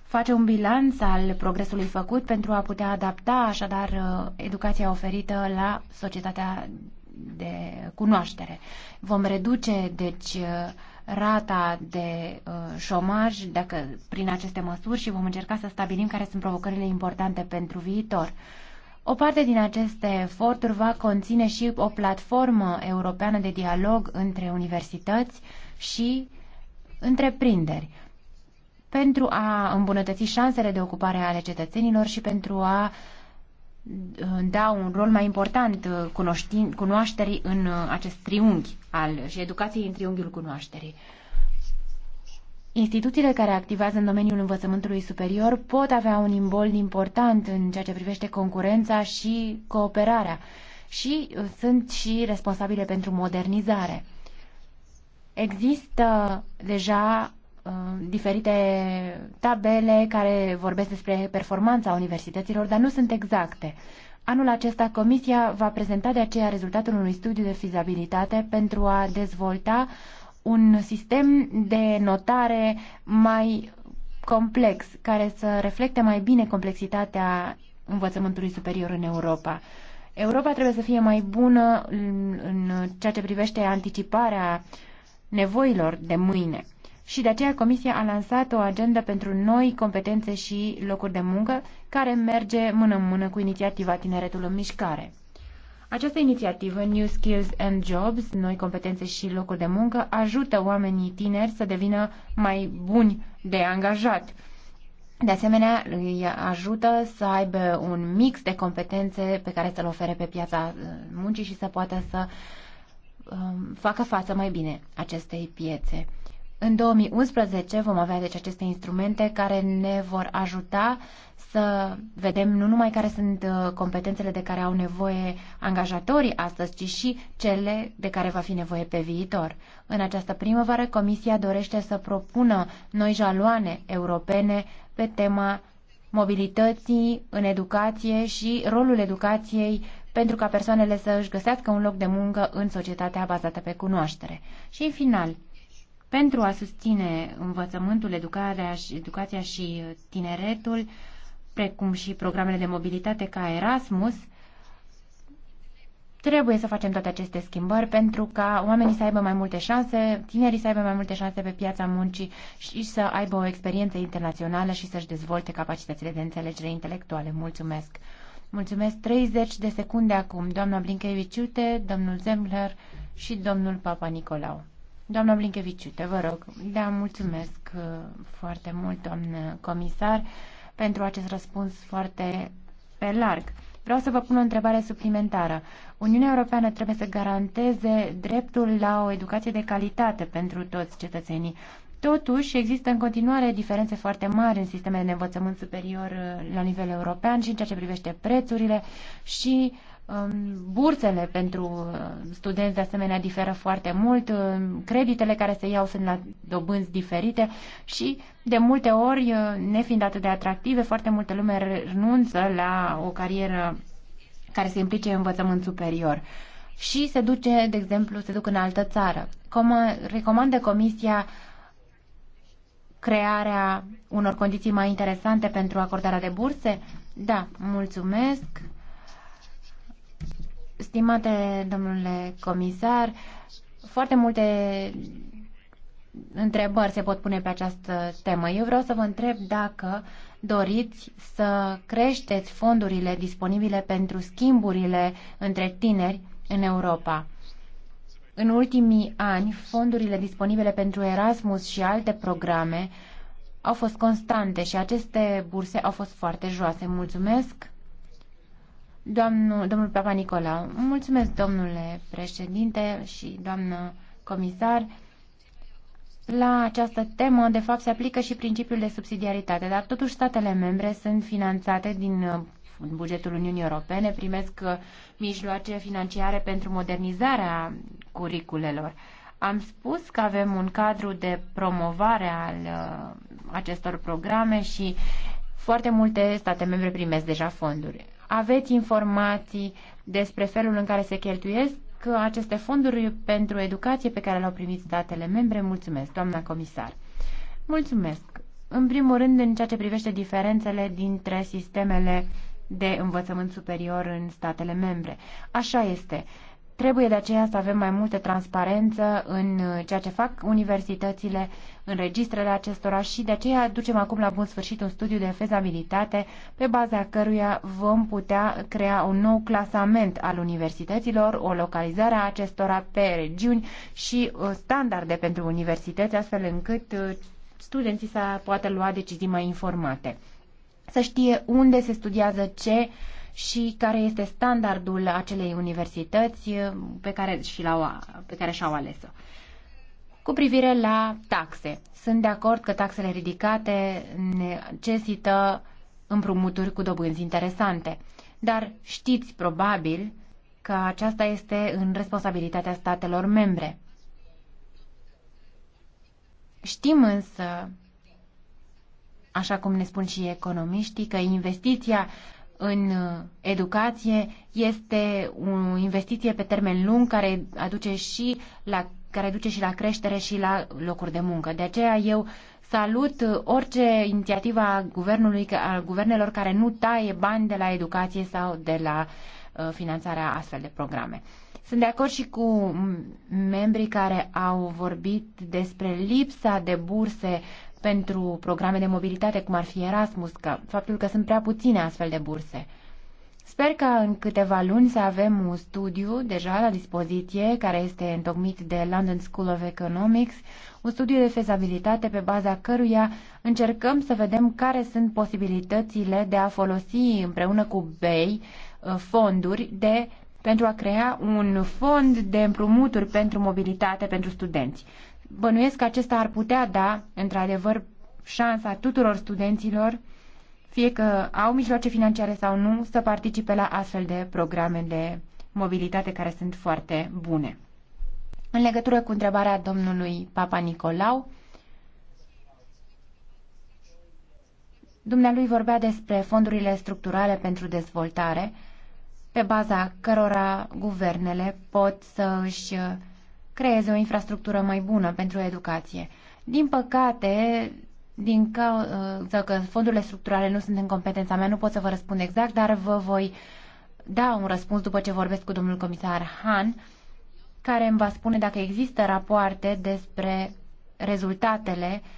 face un bilanț al progresului făcut pentru a putea adapta așadar uh, educația oferită la societatea de cunoaștere. Vom reduce, deci, rata de uh, șomaj dacă, prin aceste măsuri și vom încerca să stabilim care sunt provocările importante pentru viitor. O parte din aceste eforturi va conține și o platformă europeană de dialog între universități și întreprinderi pentru a îmbunătăți șansele de ocupare ale cetățenilor și pentru a uh, da un rol mai important uh, cunoașterii în uh, acest triunghi al, și educației în triunghiul cunoașterii. Instituțiile care activează în domeniul învățământului superior pot avea un imbold important în ceea ce privește concurența și cooperarea și uh, sunt și responsabile pentru modernizare. Există deja uh, diferite tabele care vorbesc despre performanța universităților, dar nu sunt exacte. Anul acesta Comisia va prezenta de aceea rezultatul unui studiu de fizabilitate pentru a dezvolta un sistem de notare mai complex, care să reflecte mai bine complexitatea învățământului superior în Europa. Europa trebuie să fie mai bună în, în ceea ce privește anticiparea nevoilor de mâine. Și de aceea Comisia a lansat o agendă pentru noi competențe și locuri de muncă care merge mână în mână cu inițiativa Tineretul în Mișcare. Această inițiativă New Skills and Jobs, noi competențe și locuri de muncă, ajută oamenii tineri să devină mai buni de angajat. De asemenea, îi ajută să aibă un mix de competențe pe care să-l ofere pe piața uh, muncii și să poată să um, facă față mai bine acestei piețe. În 2011 vom avea deci aceste instrumente care ne vor ajuta să vedem nu numai care sunt uh, competențele de care au nevoie angajatorii astăzi, ci și cele de care va fi nevoie pe viitor. În această primăvară, Comisia dorește să propună noi jaloane europene pe tema mobilității în educație și rolul educației pentru ca persoanele să își găsească un loc de muncă în societatea bazată pe cunoaștere. Și în final, pentru a susține învățământul, educarea și, educația și uh, tineretul, precum și programele de mobilitate ca Erasmus, trebuie să facem toate aceste schimbări pentru ca oamenii să aibă mai multe șanse, tinerii să aibă mai multe șanse pe piața muncii și să aibă o experiență internațională și să-și dezvolte capacitățile de înțelegere intelectuale. Mulțumesc! Mulțumesc 30 de secunde acum, doamna Blinkeviciute, domnul Zembler și domnul Papa Nicolau. Doamna Blinkeviciute, vă rog. Da, mulțumesc uh, foarte mult, doamnă comisar pentru acest răspuns foarte pe larg. Vreau să vă pun o întrebare suplimentară. Uniunea Europeană trebuie să garanteze dreptul la o educație de calitate pentru toți cetățenii. Totuși, există în continuare diferențe foarte mari în sistemele de învățământ superior uh, la nivel european și în ceea ce privește prețurile și uh, Bursele pentru uh, studenți de asemenea diferă foarte mult, uh, creditele care se iau sunt la dobânzi diferite și de multe ori, uh, nefiind atât de atractive, foarte multe lume renunță la o carieră care se implice în învățământ superior și se duce, de exemplu, se duc în altă țară. Com recomandă Comisia crearea unor condiții mai interesante pentru acordarea de burse? Da, mulțumesc. Stimate domnule comisar, foarte multe întrebări se pot pune pe această temă. Eu vreau să vă întreb dacă doriți să creșteți fondurile disponibile pentru schimburile între tineri în Europa. În ultimii ani, fondurile disponibile pentru Erasmus și alte programe au fost constante și aceste burse au fost foarte joase. Mulțumesc! Domnul, domnul Papa Nicola, mulțumesc domnule președinte și doamnă comisar. La această temă, de fapt, se aplică și principiul de subsidiaritate, dar totuși statele membre sunt finanțate din uh, bugetul Uniunii Europene, primesc uh, mijloace financiare pentru modernizarea curiculelor. Am spus că avem un cadru de promovare al uh, acestor programe și foarte multe state membre primesc deja fonduri aveți informații despre felul în care se cheltuiesc aceste fonduri pentru educație pe care le-au primit statele membre? Mulțumesc, doamna comisar. Mulțumesc. În primul rând, în ceea ce privește diferențele dintre sistemele de învățământ superior în statele membre. Așa este. Trebuie de aceea să avem mai multă transparență în uh, ceea ce fac universitățile, în registrele acestora și de aceea ducem acum la bun sfârșit un studiu de fezabilitate pe baza căruia vom putea crea un nou clasament al universităților, o localizare a acestora pe regiuni și uh, standarde pentru universități, astfel încât uh, studenții să poată lua decizii mai informate. Să știe unde se studiază ce, și care este standardul acelei universități uh, pe care, și l-au, pe care și-au ales-o. Cu privire la taxe, sunt de acord că taxele ridicate necesită împrumuturi cu dobânzi interesante, dar știți probabil că aceasta este în responsabilitatea statelor membre. Știm însă, așa cum ne spun și economiștii, că investiția în uh, educație este o investiție pe termen lung care aduce și la care duce și la creștere și la locuri de muncă. De aceea eu salut uh, orice inițiativă a guvernului, a guvernelor care nu taie bani de la educație sau de la uh, finanțarea astfel de programe. Sunt de acord și cu membrii care au vorbit despre lipsa de burse pentru programe de mobilitate, cum ar fi Erasmus, că faptul că sunt prea puține astfel de burse. Sper că în câteva luni să avem un studiu deja la dispoziție, care este întocmit de London School of Economics, un studiu de fezabilitate pe baza căruia încercăm să vedem care sunt posibilitățile de a folosi împreună cu BEI uh, fonduri de pentru a crea un fond de împrumuturi pentru mobilitate pentru studenți. Bănuiesc că acesta ar putea da, într-adevăr, șansa tuturor studenților, fie că au mijloace financiare sau nu, să participe la astfel de programe de mobilitate care sunt foarte bune. În legătură cu întrebarea domnului Papa Nicolau, dumnealui vorbea despre fondurile structurale pentru dezvoltare, pe baza cărora guvernele pot să își creeze o infrastructură mai bună pentru educație. Din păcate, din cauza că fondurile structurale nu sunt în competența mea, nu pot să vă răspund exact, dar vă voi da un răspuns după ce vorbesc cu domnul comisar Han, care îmi va spune dacă există rapoarte despre rezultatele uh,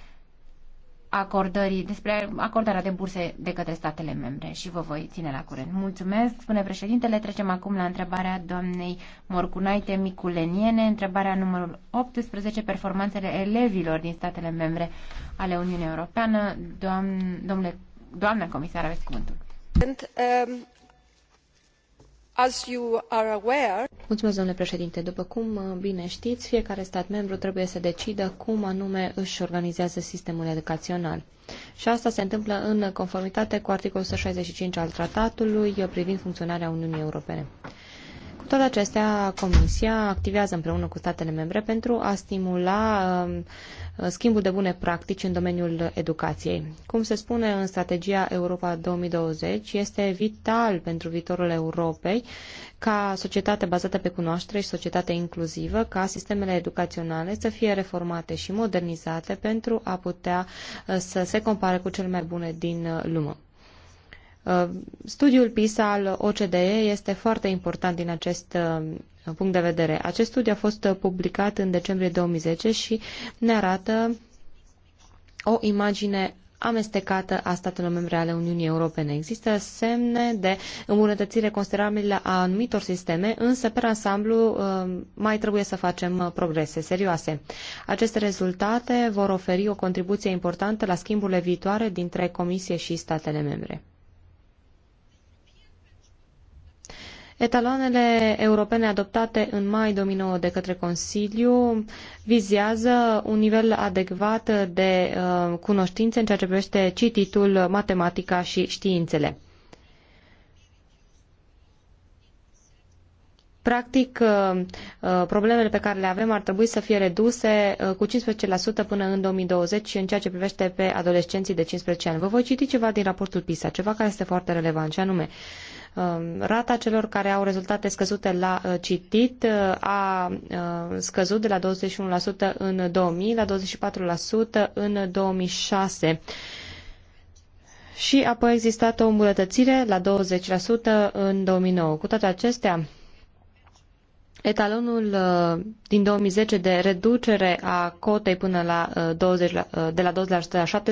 acordării, despre acordarea de burse de către statele membre și vă voi ține la curent. Mulțumesc, spune președintele. Trecem acum la întrebarea doamnei Morcunaite Miculeniene, întrebarea numărul 18, performanțele elevilor din statele membre ale Uniunii Europeană. Doamne, domnule, doamna comisar, aveți cuvântul. Ehm, As you are aware... Mulțumesc, domnule președinte. După cum uh, bine știți, fiecare stat membru trebuie să decidă cum anume își organizează sistemul educațional. Și asta se întâmplă în conformitate cu articolul 165 al tratatului uh, privind funcționarea Uniunii Europene. Cu toate acestea, Comisia activează împreună cu statele membre pentru a stimula um, uh, schimbul de bune practici în domeniul educației. Cum se spune în strategia Europa 2020, este vital pentru viitorul Europei ca societate bazată pe cunoaștere și societate inclusivă, ca sistemele educaționale să fie reformate și modernizate pentru a putea uh, să se compare cu cele mai bune din uh, lume. Uh, studiul PISA al OCDE este foarte important din acest uh, punct de vedere. Acest studiu a fost uh, publicat în decembrie 2010 și ne arată o imagine amestecată a statelor membre ale Uniunii Europene. Există semne de îmbunătățire considerabilă a anumitor sisteme, însă, pe ansamblu, mai trebuie să facem progrese serioase. Aceste rezultate vor oferi o contribuție importantă la schimburile viitoare dintre Comisie și statele membre. Etaloanele europene adoptate în mai 2009 de către Consiliu vizează un nivel adecvat de uh, cunoștințe în ceea ce privește cititul, matematica și științele. Practic, uh, uh, problemele pe care le avem ar trebui să fie reduse uh, cu 15% până în 2020 și în ceea ce privește pe adolescenții de 15 ani. Vă voi citi ceva din raportul PISA, ceva care este foarte relevant, și anume, Um, rata celor care au rezultate scăzute la uh, citit uh, a uh, scăzut de la 21% în 2000 la 24% în 2006. Și apoi a existat o îmbunătățire la 20% în 2009. Cu toate acestea, Etalonul din 2010 de reducere a cotei până la 20, de la 20% la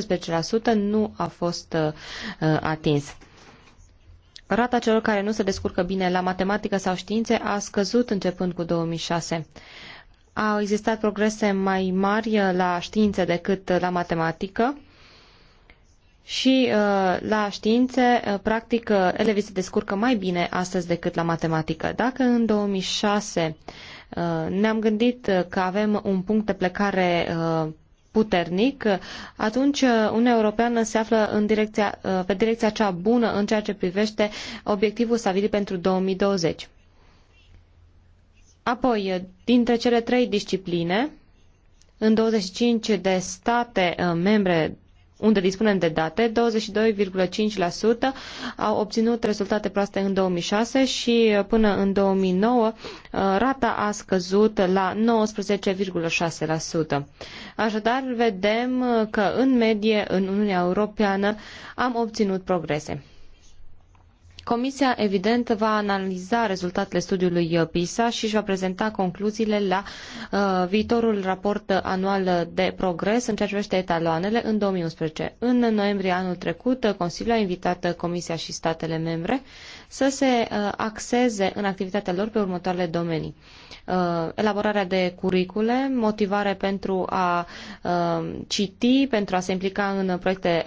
17% nu a fost atins. Rata celor care nu se descurcă bine la matematică sau științe a scăzut începând cu 2006. Au existat progrese mai mari uh, la științe decât uh, la matematică și uh, la științe, practic, elevii se descurcă mai bine astăzi decât la matematică. Dacă în 2006 ne-am gândit că avem un punct de plecare puternic, atunci Uniunea Europeană se află în direcția, pe direcția cea bună în ceea ce privește obiectivul stabilit pentru 2020. Apoi, dintre cele trei discipline, în 25 de state uh, membre unde dispunem de date, 22,5% au obținut rezultate proaste în 2006 și uh, până în 2009 uh, rata a scăzut la 19,6%. Așadar, vedem uh, că în medie în Uniunea Europeană am obținut progrese. Comisia, evident, va analiza rezultatele studiului uh, PISA și își va prezenta concluziile la uh, viitorul raport anual de progres în ceea ce privește etaloanele în 2011. În noiembrie anul trecut, uh, Consiliul a invitat uh, Comisia și statele membre uh, să se uh, axeze în activitatea lor pe următoarele domenii. Uh, elaborarea de curicule, motivare pentru a uh, citi, pentru a se implica în proiecte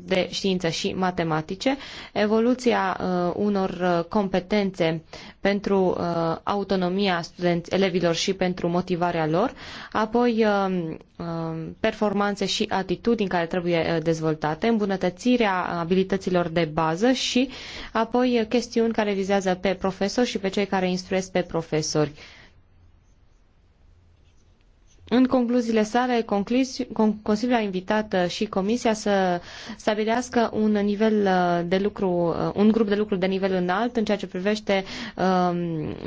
de știință și matematice, evoluția unor competențe pentru autonomia studenți, elevilor și pentru motivarea lor, apoi performanțe și atitudini care trebuie dezvoltate, îmbunătățirea abilităților de bază și apoi chestiunea chestiuni care vizează pe profesori și pe cei care instruiesc pe profesori. În concluziile sale, Consiliul a invitat uh, și Comisia să stabilească un nivel uh, de lucru, uh, un grup de lucru de nivel înalt în ceea ce privește um,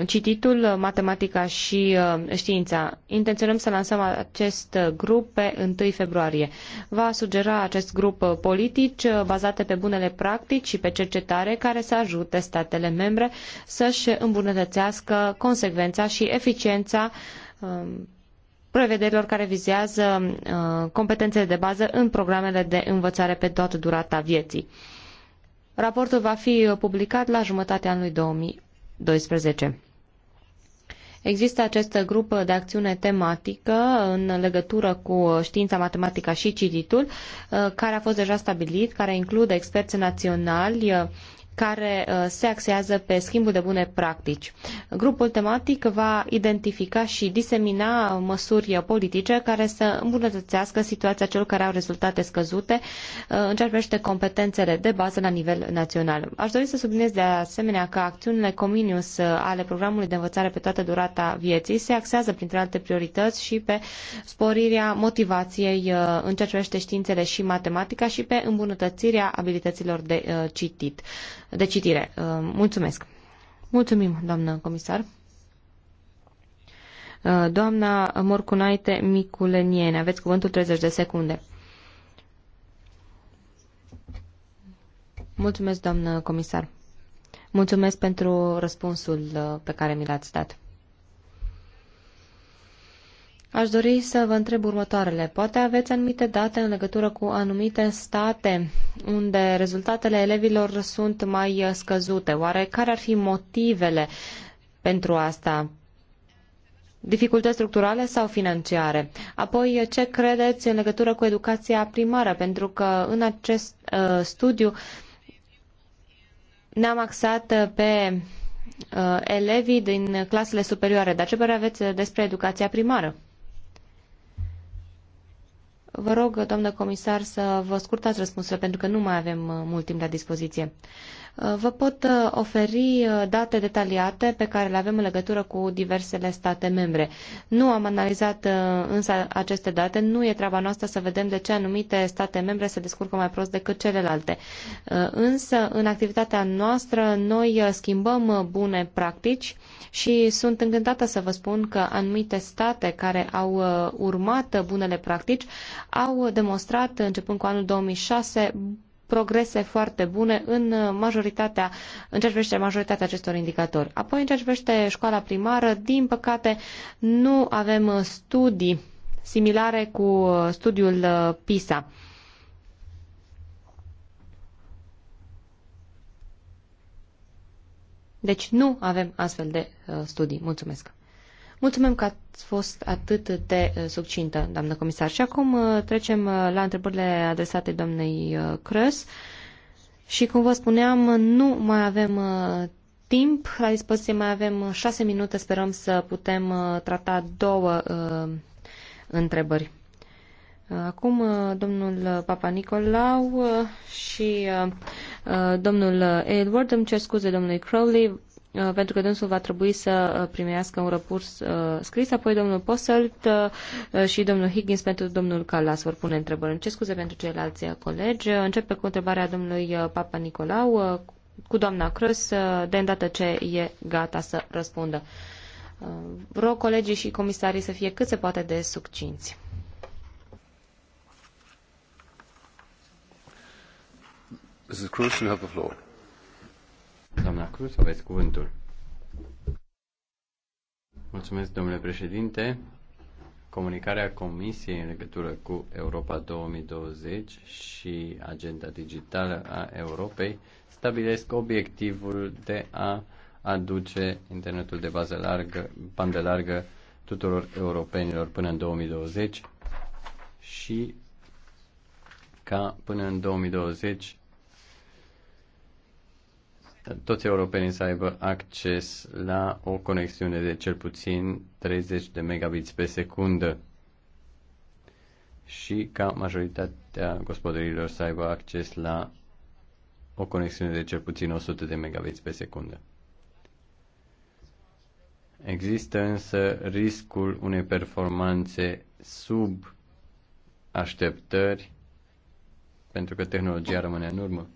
cititul, matematica și știința. Intenționăm să lansăm acest grup pe 1 februarie. Va sugera acest grup politici bazate pe bunele practici și pe cercetare care să ajute statele membre să-și îmbunătățească consecvența și eficiența um, prevederilor care vizează uh, competențele de bază în programele de învățare pe toată durata vieții. Raportul va fi publicat la jumătatea anului 2012. Există acest grup de acțiune tematică în legătură cu știința, matematica și cititul, uh, care a fost deja stabilit, care include experți naționali, care uh, se axează pe schimbul de bune practici. Grupul tematic va identifica și disemina uh, măsuri politice care să îmbunătățească situația celor care au rezultate scăzute uh, în ceea ce privește competențele de bază la nivel național. Aș dori să subliniez de asemenea că acțiunile Comenius ale programului de învățare pe toată durata vieții se axează printre alte priorități și pe sporirea motivației în ceea ce privește științele și matematica și pe îmbunătățirea abilităților de citit de citire. Uh, mulțumesc! Mulțumim, doamnă comisar! Uh, doamna Morcunaite Miculeniene, aveți cuvântul 30 de secunde. Mulțumesc, doamnă comisar! Mulțumesc pentru răspunsul uh, pe care mi l-ați dat. Aș dori să vă întreb următoarele. Poate aveți anumite date în legătură cu anumite state unde rezultatele elevilor sunt mai uh, scăzute. Oare care ar fi motivele pentru asta? Dificultăți structurale sau financiare? Apoi, uh, ce credeți în legătură cu educația primară? Pentru că în acest uh, studiu ne-am axat uh, pe uh, elevii din clasele superioare. Dar ce părere aveți despre educația primară? Vă rog, doamnă comisar, să vă scurtați răspunsurile, pentru că nu mai avem uh, mult timp la dispoziție. Uh, vă pot uh, oferi uh, date detaliate pe care le avem în legătură cu diversele state membre. Nu am analizat însă aceste date, nu e treaba noastră să vedem de ce anumite state membre se descurcă mai prost decât celelalte. Însă, în activitatea noastră, noi schimbăm bune practici și sunt încântată să vă spun că anumite state care au urmat bunele practici au demonstrat, începând cu anul 2006, progrese foarte bune în uh, majoritatea, în ceea ce privește majoritatea acestor indicatori. Apoi, în ceea ce privește școala primară, din păcate, nu avem uh, studii similare cu uh, studiul PISA. Deci nu avem astfel de studii. Mulțumesc! Mulțumim că ați fost atât de uh, succintă, doamnă comisar. Și acum uh, trecem uh, la întrebările adresate doamnei Crăs. Și cum vă spuneam, nu mai avem timp la dispoziție, mai avem șase minute, sperăm să putem trata două întrebări. Acum domnul Papa Nicolau și domnul Edward, îmi cer scuze domnului Crowley, Uh, pentru că dânsul va trebui să uh, primească un răpurs uh, scris, apoi domnul Posselt și domnul Higgins pentru domnul Calas vor pune întrebări. Ce scuze pentru ceilalți colegi. Începe cu întrebarea domnului Papa Nicolau cu doamna Crăs de îndată ce e gata să răspundă. Rog colegii și comisarii să fie cât se poate de succinți. Mrs. Cruz, you have the floor. Doamna Cruz, aveți cuvântul. Mulțumesc, domnule președinte. Comunicarea Comisiei în legătură cu Europa 2020 și agenda digitală a Europei stabilesc obiectivul de a aduce internetul de bază largă, bandă largă tuturor europenilor până în 2020 și ca până în 2020 toți europenii să aibă acces la o conexiune de cel puțin 30 de megabits pe secundă și ca majoritatea gospodărilor să aibă acces la o conexiune de cel puțin 100 de megabits pe secundă. Există însă riscul unei performanțe sub așteptări pentru că tehnologia rămâne în urmă.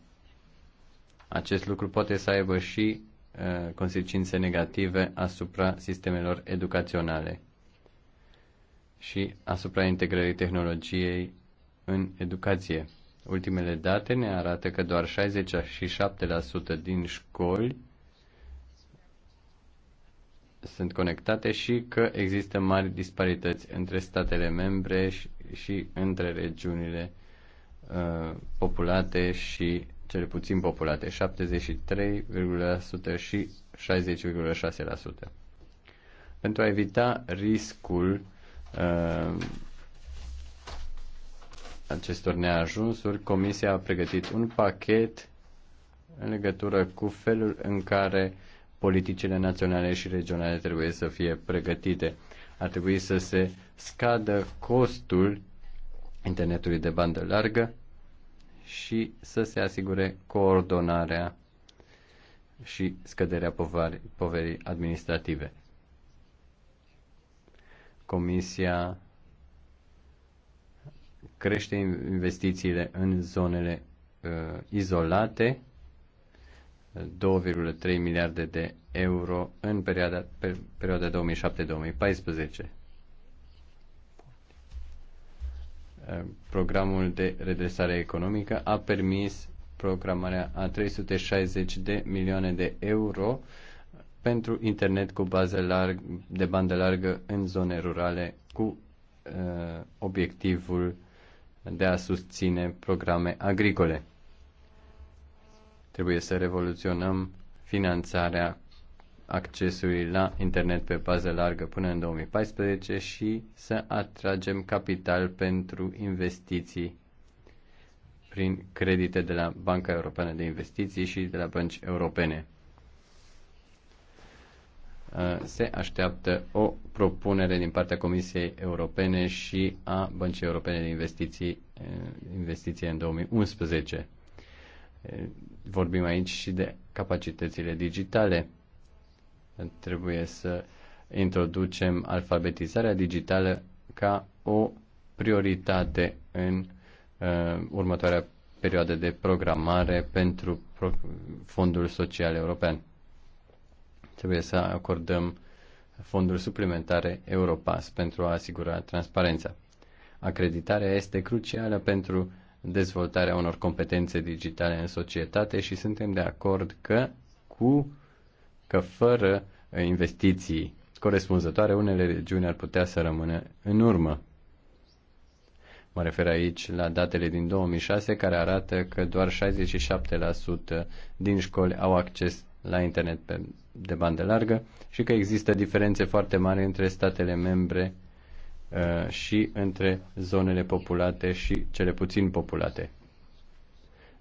Acest lucru poate să aibă și uh, consecințe negative asupra sistemelor educaționale și asupra integrării tehnologiei în educație. Ultimele date ne arată că doar 67% din școli sunt conectate și că există mari disparități între statele membre și, și între regiunile uh, populate și cele puțin populate, 73,1% și 60,6%. Pentru a evita riscul uh, acestor neajunsuri, Comisia a pregătit un pachet în legătură cu felul în care politicile naționale și regionale trebuie să fie pregătite. Ar trebui să se scadă costul internetului de bandă largă și să se asigure coordonarea și scăderea poverii administrative. Comisia crește investițiile în zonele uh, izolate 2,3 miliarde de euro în perioada, per, perioada 2007-2014. Eh, programul de redresare economică a permis programarea a 360 de milioane de euro pentru internet cu bază larg, de bandă largă în zone rurale cu uh, obiectivul de a susține programe agricole. Trebuie să revoluționăm finanțarea accesului la internet pe bază largă până în 2014 și să atragem capital pentru investiții prin credite de la Banca Europeană de Investiții și de la bănci europene. Uh, se așteaptă o propunere din partea Comisiei Europene și a Băncii Europene de Investiții, uh, investiții în 2011. Uh, vorbim aici și de capacitățile digitale Trebuie să introducem alfabetizarea digitală ca o prioritate în uh, următoarea perioadă de programare pentru Fondul Social European. Trebuie să acordăm fonduri suplimentare Europass pentru a asigura transparența. Acreditarea este crucială pentru dezvoltarea unor competențe digitale în societate și suntem de acord că cu că fără uh, investiții corespunzătoare, unele regiuni ar putea să rămână în urmă. Mă refer aici la datele din 2006 care arată că doar 67% din școli au acces la internet pe, de bandă largă și că există diferențe foarte mari între statele membre uh, și între zonele populate și cele puțin populate.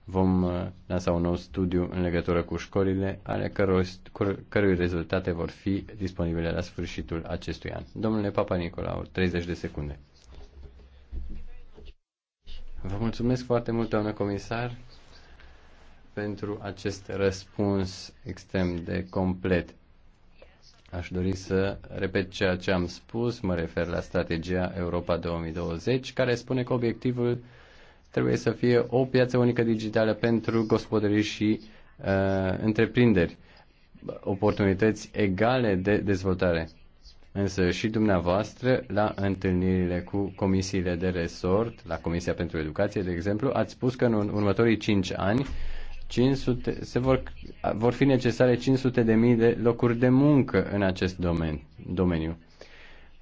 Vom uh, lansa un nou studiu în legătură cu școlile, ale cărui rezultate vor fi disponibile la sfârșitul acestui an. Domnule Papa Nicolau, 30 de secunde. Vă mulțumesc foarte mult, doamnă comisar, pentru acest răspuns extrem de complet. Aș dori să repet ceea ce am spus, mă refer la strategia Europa 2020, care spune că obiectivul trebuie să fie o piață unică digitală pentru gospodării și uh, întreprinderi, oportunități egale de dezvoltare. Însă și dumneavoastră, la întâlnirile cu comisiile de resort, la Comisia pentru Educație, de exemplu, ați spus că în următorii 5 ani 500, se vor, vor fi necesare 500 de mii de locuri de muncă în acest domen, domeniu.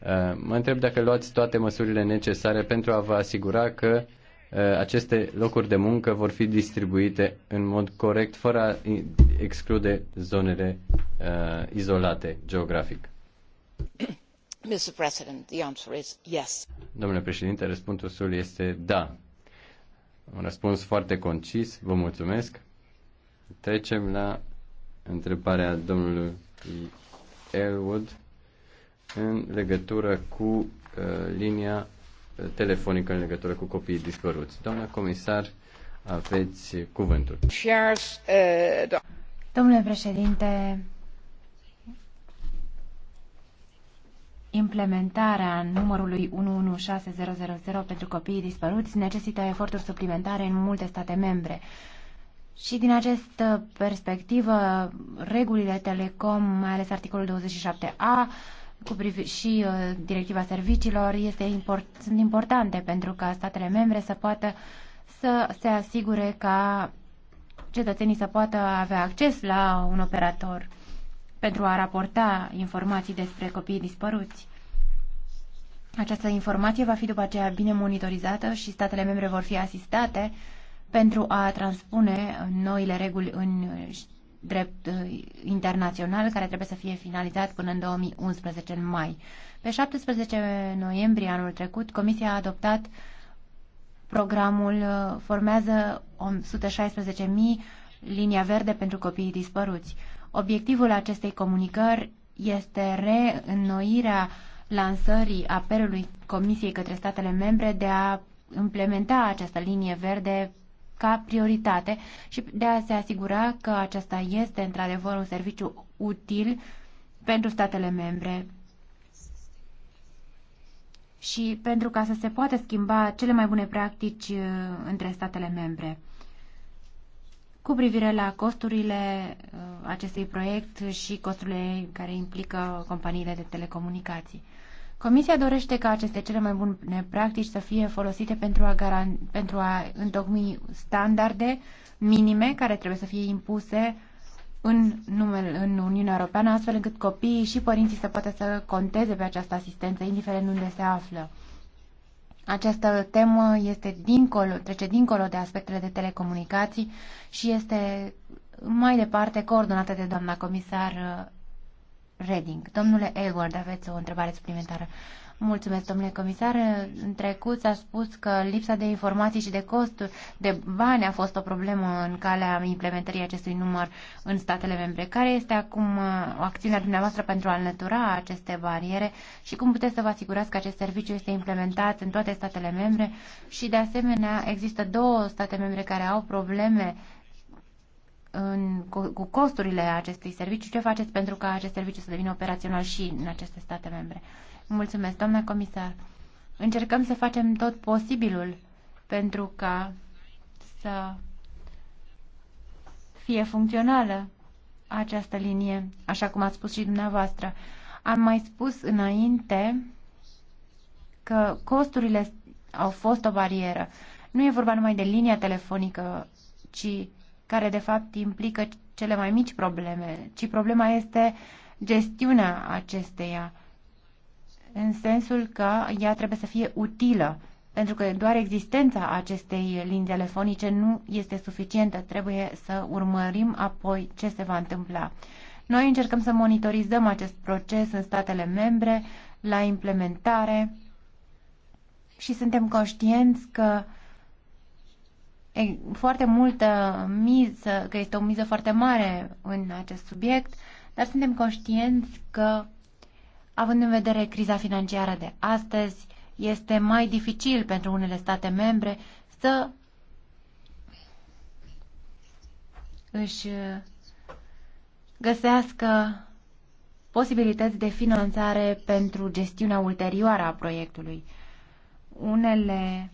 Uh, mă întreb dacă luați toate măsurile necesare pentru a vă asigura că uh, Uh, aceste locuri de muncă vor fi distribuite în mod corect, fără a exclude zonele uh, izolate geografic. Mr. President, the answer is yes. Domnule președinte, răspunsul este da. Un răspuns foarte concis, vă mulțumesc. Trecem la întrebarea domnului Elwood în legătură cu uh, linia telefonică în legătură cu copiii dispăruți. Doamna comisar, aveți cuvântul. Uh, Domnule președinte, implementarea numărului 116000 pentru copiii dispăruți necesită eforturi suplimentare în multe state membre. Și din această perspectivă, regulile Telecom, mai ales articolul 27a, cu privire și uh, directiva serviciilor este import, sunt importante pentru ca statele membre să poată să se asigure ca cetățenii să poată avea acces la un operator pentru a raporta informații despre copiii dispăruți. Această informație va fi după aceea bine monitorizată și statele membre vor fi asistate pentru a transpune noile reguli în drept uh, internațional care trebuie să fie finalizat până în 2011 în mai. Pe 17 noiembrie anul trecut, Comisia a adoptat programul uh, Formează 116.000 linia verde pentru copiii dispăruți. Obiectivul acestei comunicări este reînnoirea lansării apelului Comisiei către statele membre de a implementa această linie verde ca prioritate și de a se asigura că acesta este într-adevăr un serviciu util pentru statele membre și pentru ca să se poată schimba cele mai bune practici uh, între statele membre. Cu privire la costurile uh, acestui proiect și costurile care implică companiile de telecomunicații. Comisia dorește ca aceste cele mai bune practici să fie folosite pentru a, garan- pentru a întocmi standarde minime care trebuie să fie impuse în, numele, în Uniunea Europeană, astfel încât copiii și părinții să poată să conteze pe această asistență, indiferent unde se află. Această temă este dincolo, trece dincolo de aspectele de telecomunicații și este mai departe coordonată de doamna comisar Reding. Domnule Elward, aveți o întrebare suplimentară. Mulțumesc, domnule comisar. În trecut s-a spus că lipsa de informații și de costuri de bani a fost o problemă în calea implementării acestui număr în statele membre. Care este acum uh, acțiunea dumneavoastră pentru a înlătura aceste bariere și cum puteți să vă asigurați că acest serviciu este implementat în toate statele membre? Și, de asemenea, există două state membre care au probleme în, cu, costurile acestui serviciu? Ce faceți pentru ca acest serviciu să devină operațional și în aceste state membre? Mulțumesc, doamna comisar. Încercăm să facem tot posibilul pentru ca să fie funcțională această linie, așa cum ați spus și dumneavoastră. Am mai spus înainte că costurile au fost o barieră. Nu e vorba numai de linia telefonică, ci care de fapt implică cele mai mici probleme, ci problema este gestiunea acesteia, în sensul că ea trebuie să fie utilă, pentru că doar existența acestei linii telefonice nu este suficientă, trebuie să urmărim apoi ce se va întâmpla. Noi încercăm să monitorizăm acest proces în statele membre, la implementare și suntem conștienți că uh, E foarte multă miză, că este o miză foarte mare în acest subiect, dar suntem conștienți că, având în vedere criza financiară de astăzi, este mai dificil pentru unele state membre să își uh, găsească posibilități de finanțare pentru gestiunea ulterioară a proiectului. Unele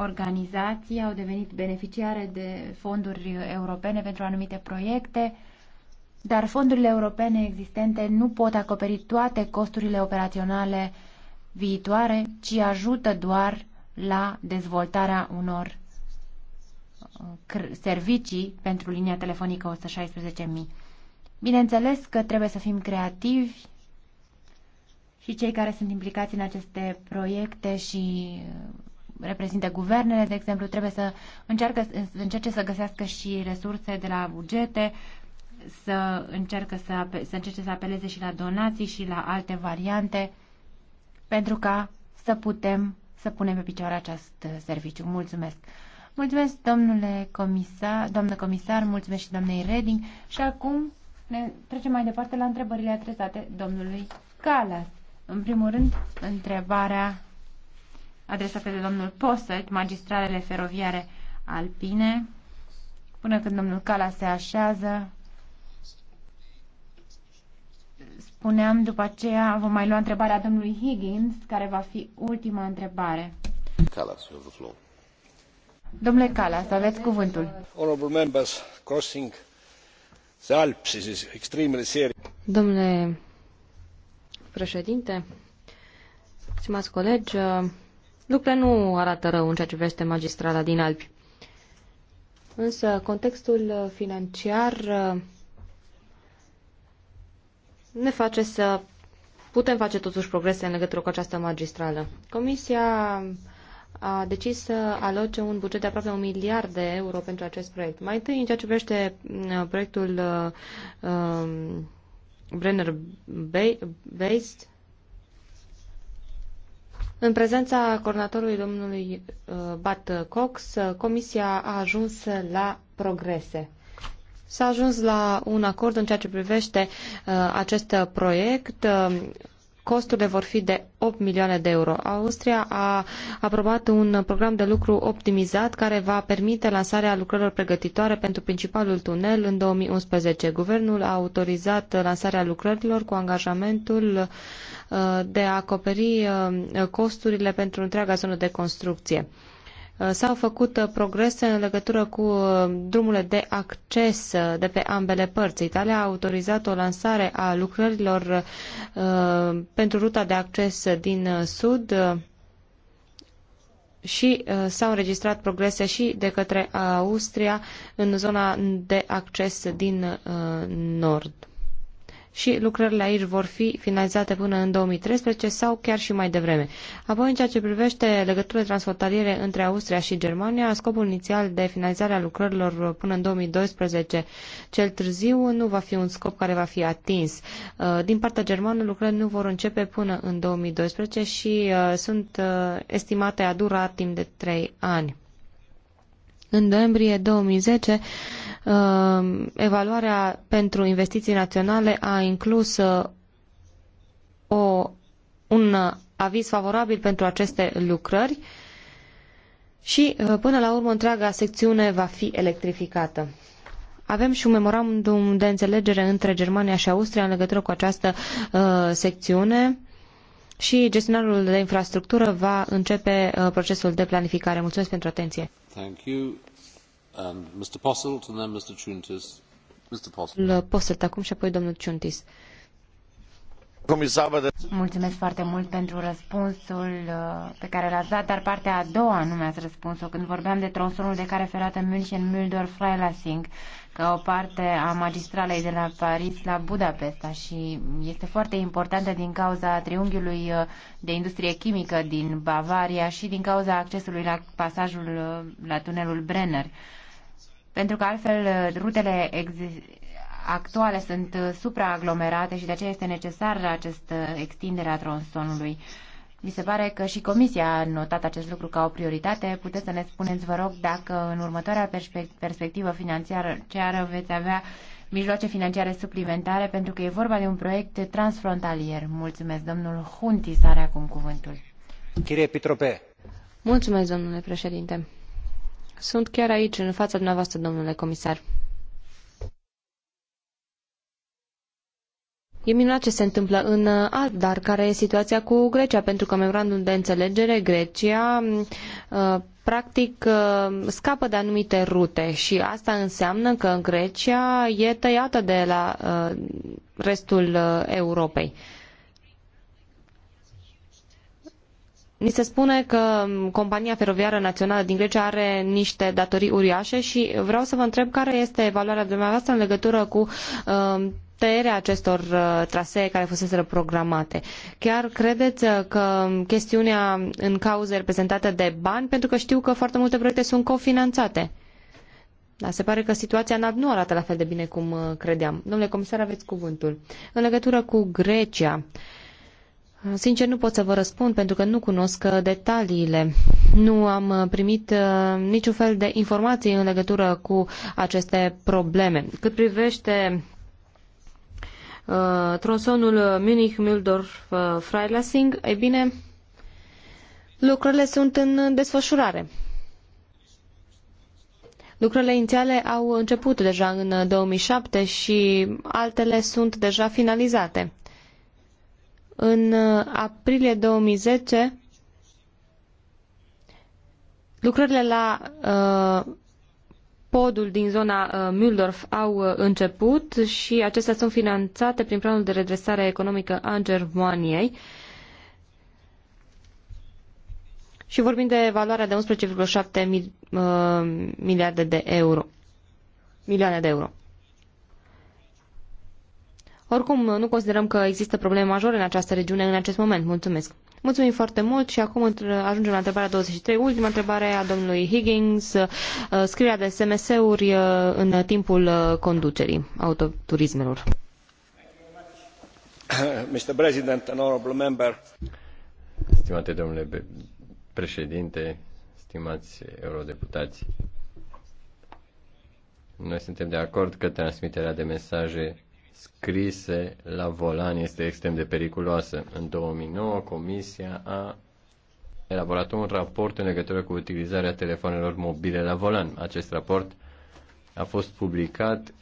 organizații au devenit beneficiare de fonduri europene pentru anumite proiecte, dar fondurile europene existente nu pot acoperi toate costurile operaționale viitoare, ci ajută doar la dezvoltarea unor uh, servicii pentru linia telefonică 116.000. Bineînțeles că trebuie să fim creativi și cei care sunt implicați în aceste proiecte și uh, reprezintă guvernele, de exemplu, trebuie să, încearcă, să încerce să găsească și resurse de la bugete, să, încerce să, să încerce să apeleze și la donații și la alte variante pentru ca să putem să punem pe picioare acest uh, serviciu. Mulțumesc! Mulțumesc, domnule comisar, doamnă comisar, mulțumesc și doamnei Reding și acum ne trecem mai departe la întrebările adresate domnului Calas. În primul rând, întrebarea adresată de domnul Posăt, magistralele feroviare alpine, până când domnul Cala se așează. Spuneam, după aceea vom mai lua întrebarea domnului Higgins, care va fi ultima întrebare. Calas, you have the floor. Domnule Calas, aveți cuvântul. Honorable members, crossing the Alps is extremely serious. Domnule președinte, stimați colegi, Lucrurile nu arată rău în ceea ce privește magistrala din Alpi. Însă contextul financiar uh, ne face să putem face totuși progrese în legătură cu această magistrală. Comisia a decis să aloce un buget de aproape un miliard de euro pentru acest proiect. Mai întâi, în ceea ce privește uh, proiectul uh, um, Brenner Based, în prezența coordonatorului domnului uh, Bat Cox, Comisia a ajuns la progrese. S-a ajuns la un acord în ceea ce privește uh, acest proiect. Costurile vor fi de 8 milioane de euro. Austria a aprobat un program de lucru optimizat care va permite lansarea lucrărilor pregătitoare pentru principalul tunel în 2011. Guvernul a autorizat lansarea lucrărilor cu angajamentul uh, Uh, de a acoperi uh, costurile pentru întreaga zonă de construcție. Uh, s-au făcut progrese în legătură cu drumurile de acces de pe ambele părți. Italia a autorizat o lansare a lucrărilor pentru ruta de acces din sud și s-au înregistrat progrese și de către Austria în zona de acces din nord și lucrările aici vor fi finalizate până în 2013 sau chiar și mai devreme. Apoi, în ceea ce privește legăturile transfrontaliere între Austria și Germania, scopul inițial de finalizare a lucrărilor până în 2012 cel târziu nu va fi un scop care va fi atins. Uh, din partea germană, lucrările nu vor începe până în 2012 și uh, sunt uh, estimate a dura timp de 3 ani. În noiembrie 2010, uh, evaluarea pentru investiții naționale a inclus uh, o, un aviz favorabil pentru aceste lucrări și, uh, până la urmă, întreaga secțiune va fi electrificată. Avem și un memorandum de înțelegere între Germania și Austria în legătură cu această uh, secțiune și gestionarul de infrastructură va începe uh, procesul de planificare. Mulțumesc pentru atenție. Thank you, and um, Mr. Posselt, and then Mr. Chuntis. Mr. Posselt. Uh, Posselt acum și apoi domnul Ciuntis. Mulțumesc foarte mult pentru răspunsul uh, pe care l-ați dat, dar partea a doua nu mi-ați răspuns-o. Când vorbeam de tronsonul de care ferată München, Müldor, Freilassing, ca o parte a magistralei de la Paris la Budapesta și este foarte importantă din cauza triunghiului uh, de industrie chimică din Bavaria și din cauza accesului la pasajul uh, la tunelul Brenner. Pentru că altfel uh, rutele actuale sunt supraaglomerate și de aceea este necesară această extindere a tronsonului. Mi se pare că și Comisia a notat acest lucru ca o prioritate. Puteți să ne spuneți, vă rog, dacă în următoarea perspectivă financiară ceară veți avea mijloace financiare suplimentare, pentru că e vorba de un proiect transfrontalier. Mulțumesc, domnul Huntis are acum cuvântul. Chirie Pitrope. Mulțumesc, domnule președinte. Sunt chiar aici, în fața dumneavoastră, domnule comisar. E minunat ce se întâmplă în uh, alt, dar care e situația cu Grecia, pentru că memorandul de înțelegere Grecia mm, uh, practic uh, scapă de anumite rute și asta înseamnă că Grecia e tăiată de la restul Europei. Ni se spune că mm, compania feroviară națională din Grecia are niște datorii uriașe și vreau să vă întreb care este valoarea dumneavoastră în legătură cu uh, tăierea acestor uh, trasee care fuseseră programate. Chiar credeți uh, că chestiunea în cauză este reprezentată de bani, pentru că știu că foarte multe proiecte sunt cofinanțate. Dar se pare că situația nu nu arată la fel de bine cum uh, credeam. Domnule comisar, aveți cuvântul. În legătură cu Grecia, Sincer, nu pot să vă răspund pentru că nu cunosc detaliile. Nu am primit niciun fel de informații în legătură cu aceste probleme. Cât privește Uh, tronsonul Munich, Mühldorf, uh, Freilassing, ei bine, lucrurile sunt în desfășurare. Lucrurile inițiale au început deja în 2007 și altele sunt deja finalizate. În aprilie 2010, lucrările la uh, podul din zona uh, Mühldorf au uh, început și acestea sunt finanțate prin planul de redresare economică a Germaniei. Și vorbim de valoarea de 11,7 uh, miliarde de euro. Milioane de euro. Oricum, nu considerăm că există probleme majore în această regiune în acest moment. Mulțumesc. Mulțumim foarte mult și acum ajungem la întrebarea 23, ultima întrebare a domnului Higgins, uh, scrierea de SMS-uri uh, în timpul uh, conducerii autoturismelor. Mr. President, an honorable member. Stimate domnule președinte, stimați eurodeputați, noi suntem de acord că transmiterea de mesaje scrise la volan este extrem de periculoasă. În 2009, Comisia a elaborat un raport în legătură cu utilizarea telefonelor mobile la volan. Acest raport a fost publicat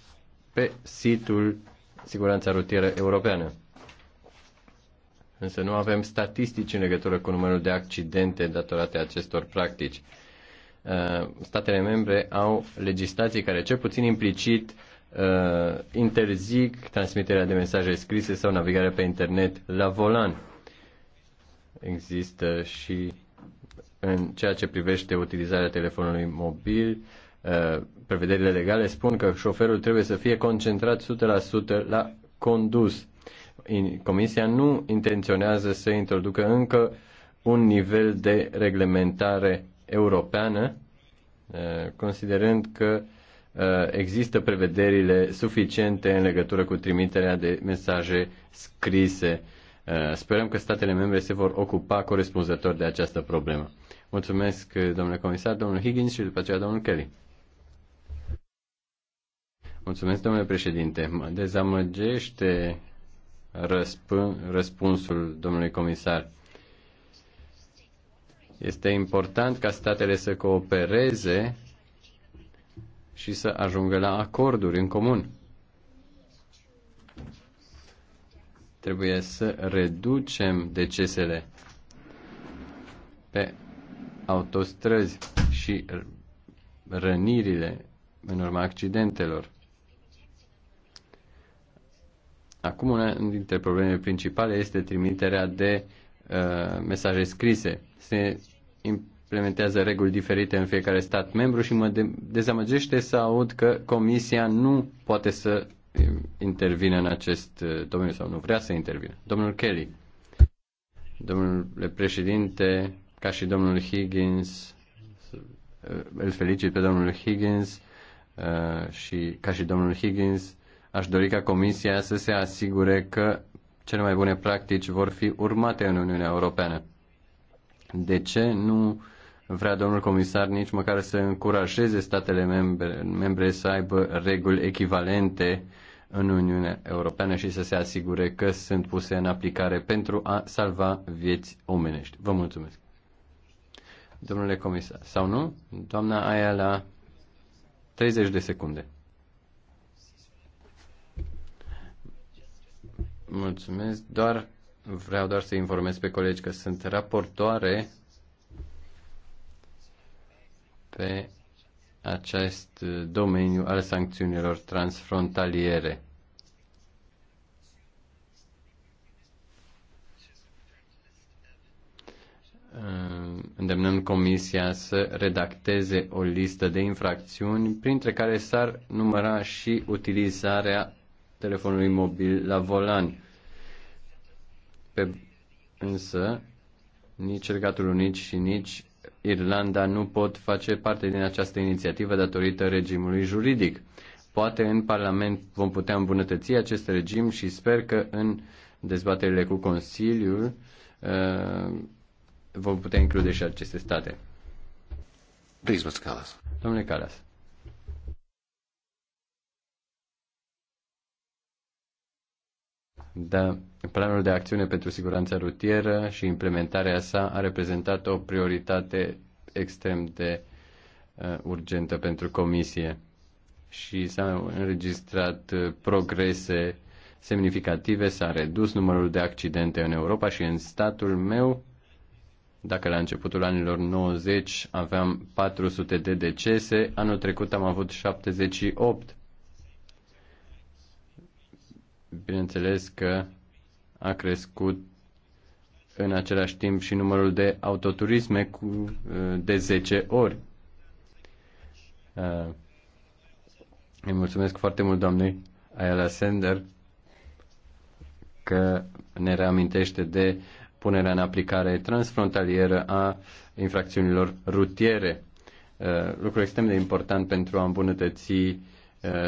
pe site-ul Siguranța Rutieră Europeană. Însă nu avem statistici în legătură cu numărul de accidente datorate acestor practici. Uh, statele membre au legislații care, cel puțin implicit, Uh, interzic transmiterea de mesaje scrise sau navigarea pe internet la volan. Există și în ceea ce privește utilizarea telefonului mobil, uh, prevederile legale spun că șoferul trebuie să fie concentrat 100% la condus. Comisia nu intenționează să introducă încă un nivel de reglementare europeană, uh, considerând că uh, Uh, există prevederile suficiente în legătură cu trimiterea de mesaje scrise. Uh, sperăm că statele membre se vor ocupa corespunzător de această problemă. Mulțumesc, uh, domnule comisar, domnul Higgins și după aceea domnul Kelly. Mulțumesc, domnule președinte. Mă dezamăgește răsp- răspunsul domnului comisar. Este important ca statele să coopereze și să ajungă la acorduri în comun. Trebuie să reducem decesele pe autostrăzi și rănirile în urma accidentelor. Acum, una dintre problemele principale este trimiterea de uh, mesaje scrise. Se implementează reguli diferite în fiecare stat membru și mă dezamăgește să aud că Comisia nu poate să intervină în acest domeniu sau nu vrea să intervină. Domnul Kelly, domnule președinte, ca și domnul Higgins, îl felicit pe domnul Higgins și ca și domnul Higgins, aș dori ca Comisia să se asigure că cele mai bune practici vor fi urmate în Uniunea Europeană. De ce nu vrea domnul comisar nici măcar să încurajeze statele membre, membre să aibă reguli echivalente în Uniunea Europeană și să se asigure că sunt puse în aplicare pentru a salva vieți omenești. Vă mulțumesc. Domnule comisar, sau nu? Doamna aia la 30 de secunde. Mulțumesc. Doar vreau doar să informez pe colegi că sunt raportoare pe acest domeniu al sancțiunilor transfrontaliere. Îndemnăm Comisia să redacteze o listă de infracțiuni, printre care s-ar număra și utilizarea telefonului mobil la volan. Pe, însă, nici Regatul Unit și nici Irlanda nu pot face parte din această inițiativă datorită regimului juridic. Poate în Parlament vom putea îmbunătăți acest regim și sper că în dezbaterile cu Consiliul uh, vom putea include și aceste state. Please, Mr. Callas. Domnule Calas. da, planul de acțiune pentru siguranța rutieră și implementarea sa a reprezentat o prioritate extrem de uh, urgentă pentru comisie și s-au înregistrat uh, progrese semnificative, s-a redus numărul de accidente în Europa și în statul meu, dacă la începutul anilor 90 aveam 400 de decese, anul trecut am avut 78 bineînțeles că a crescut în același timp și numărul de autoturisme cu, uh, de 10 ori. Uh, îi mulțumesc foarte mult doamnei Ayala Sender că ne reamintește de punerea în aplicare transfrontalieră a infracțiunilor rutiere. Uh, lucru extrem de important pentru a îmbunătăți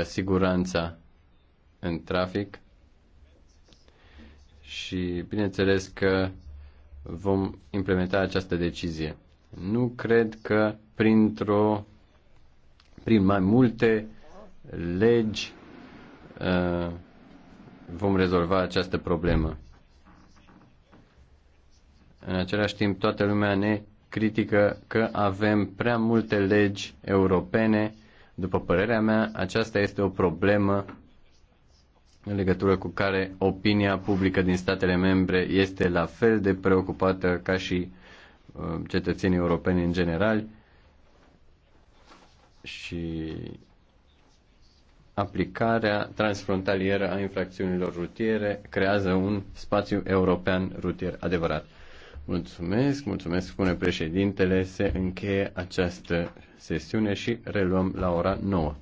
siguranța în trafic și bineînțeles că vom implementa această decizie. Nu cred că printr-o prin mai multe legi uh, vom rezolva această problemă. În același timp, toată lumea ne critică că avem prea multe legi europene. După părerea mea, aceasta este o problemă în legătură cu care opinia publică din statele membre este la fel de preocupată ca și uh, cetățenii europeni în general și aplicarea transfrontalieră a infracțiunilor rutiere creează un spațiu european rutier adevărat. Mulțumesc, mulțumesc, spune președintele, se încheie această sesiune și reluăm la ora 9.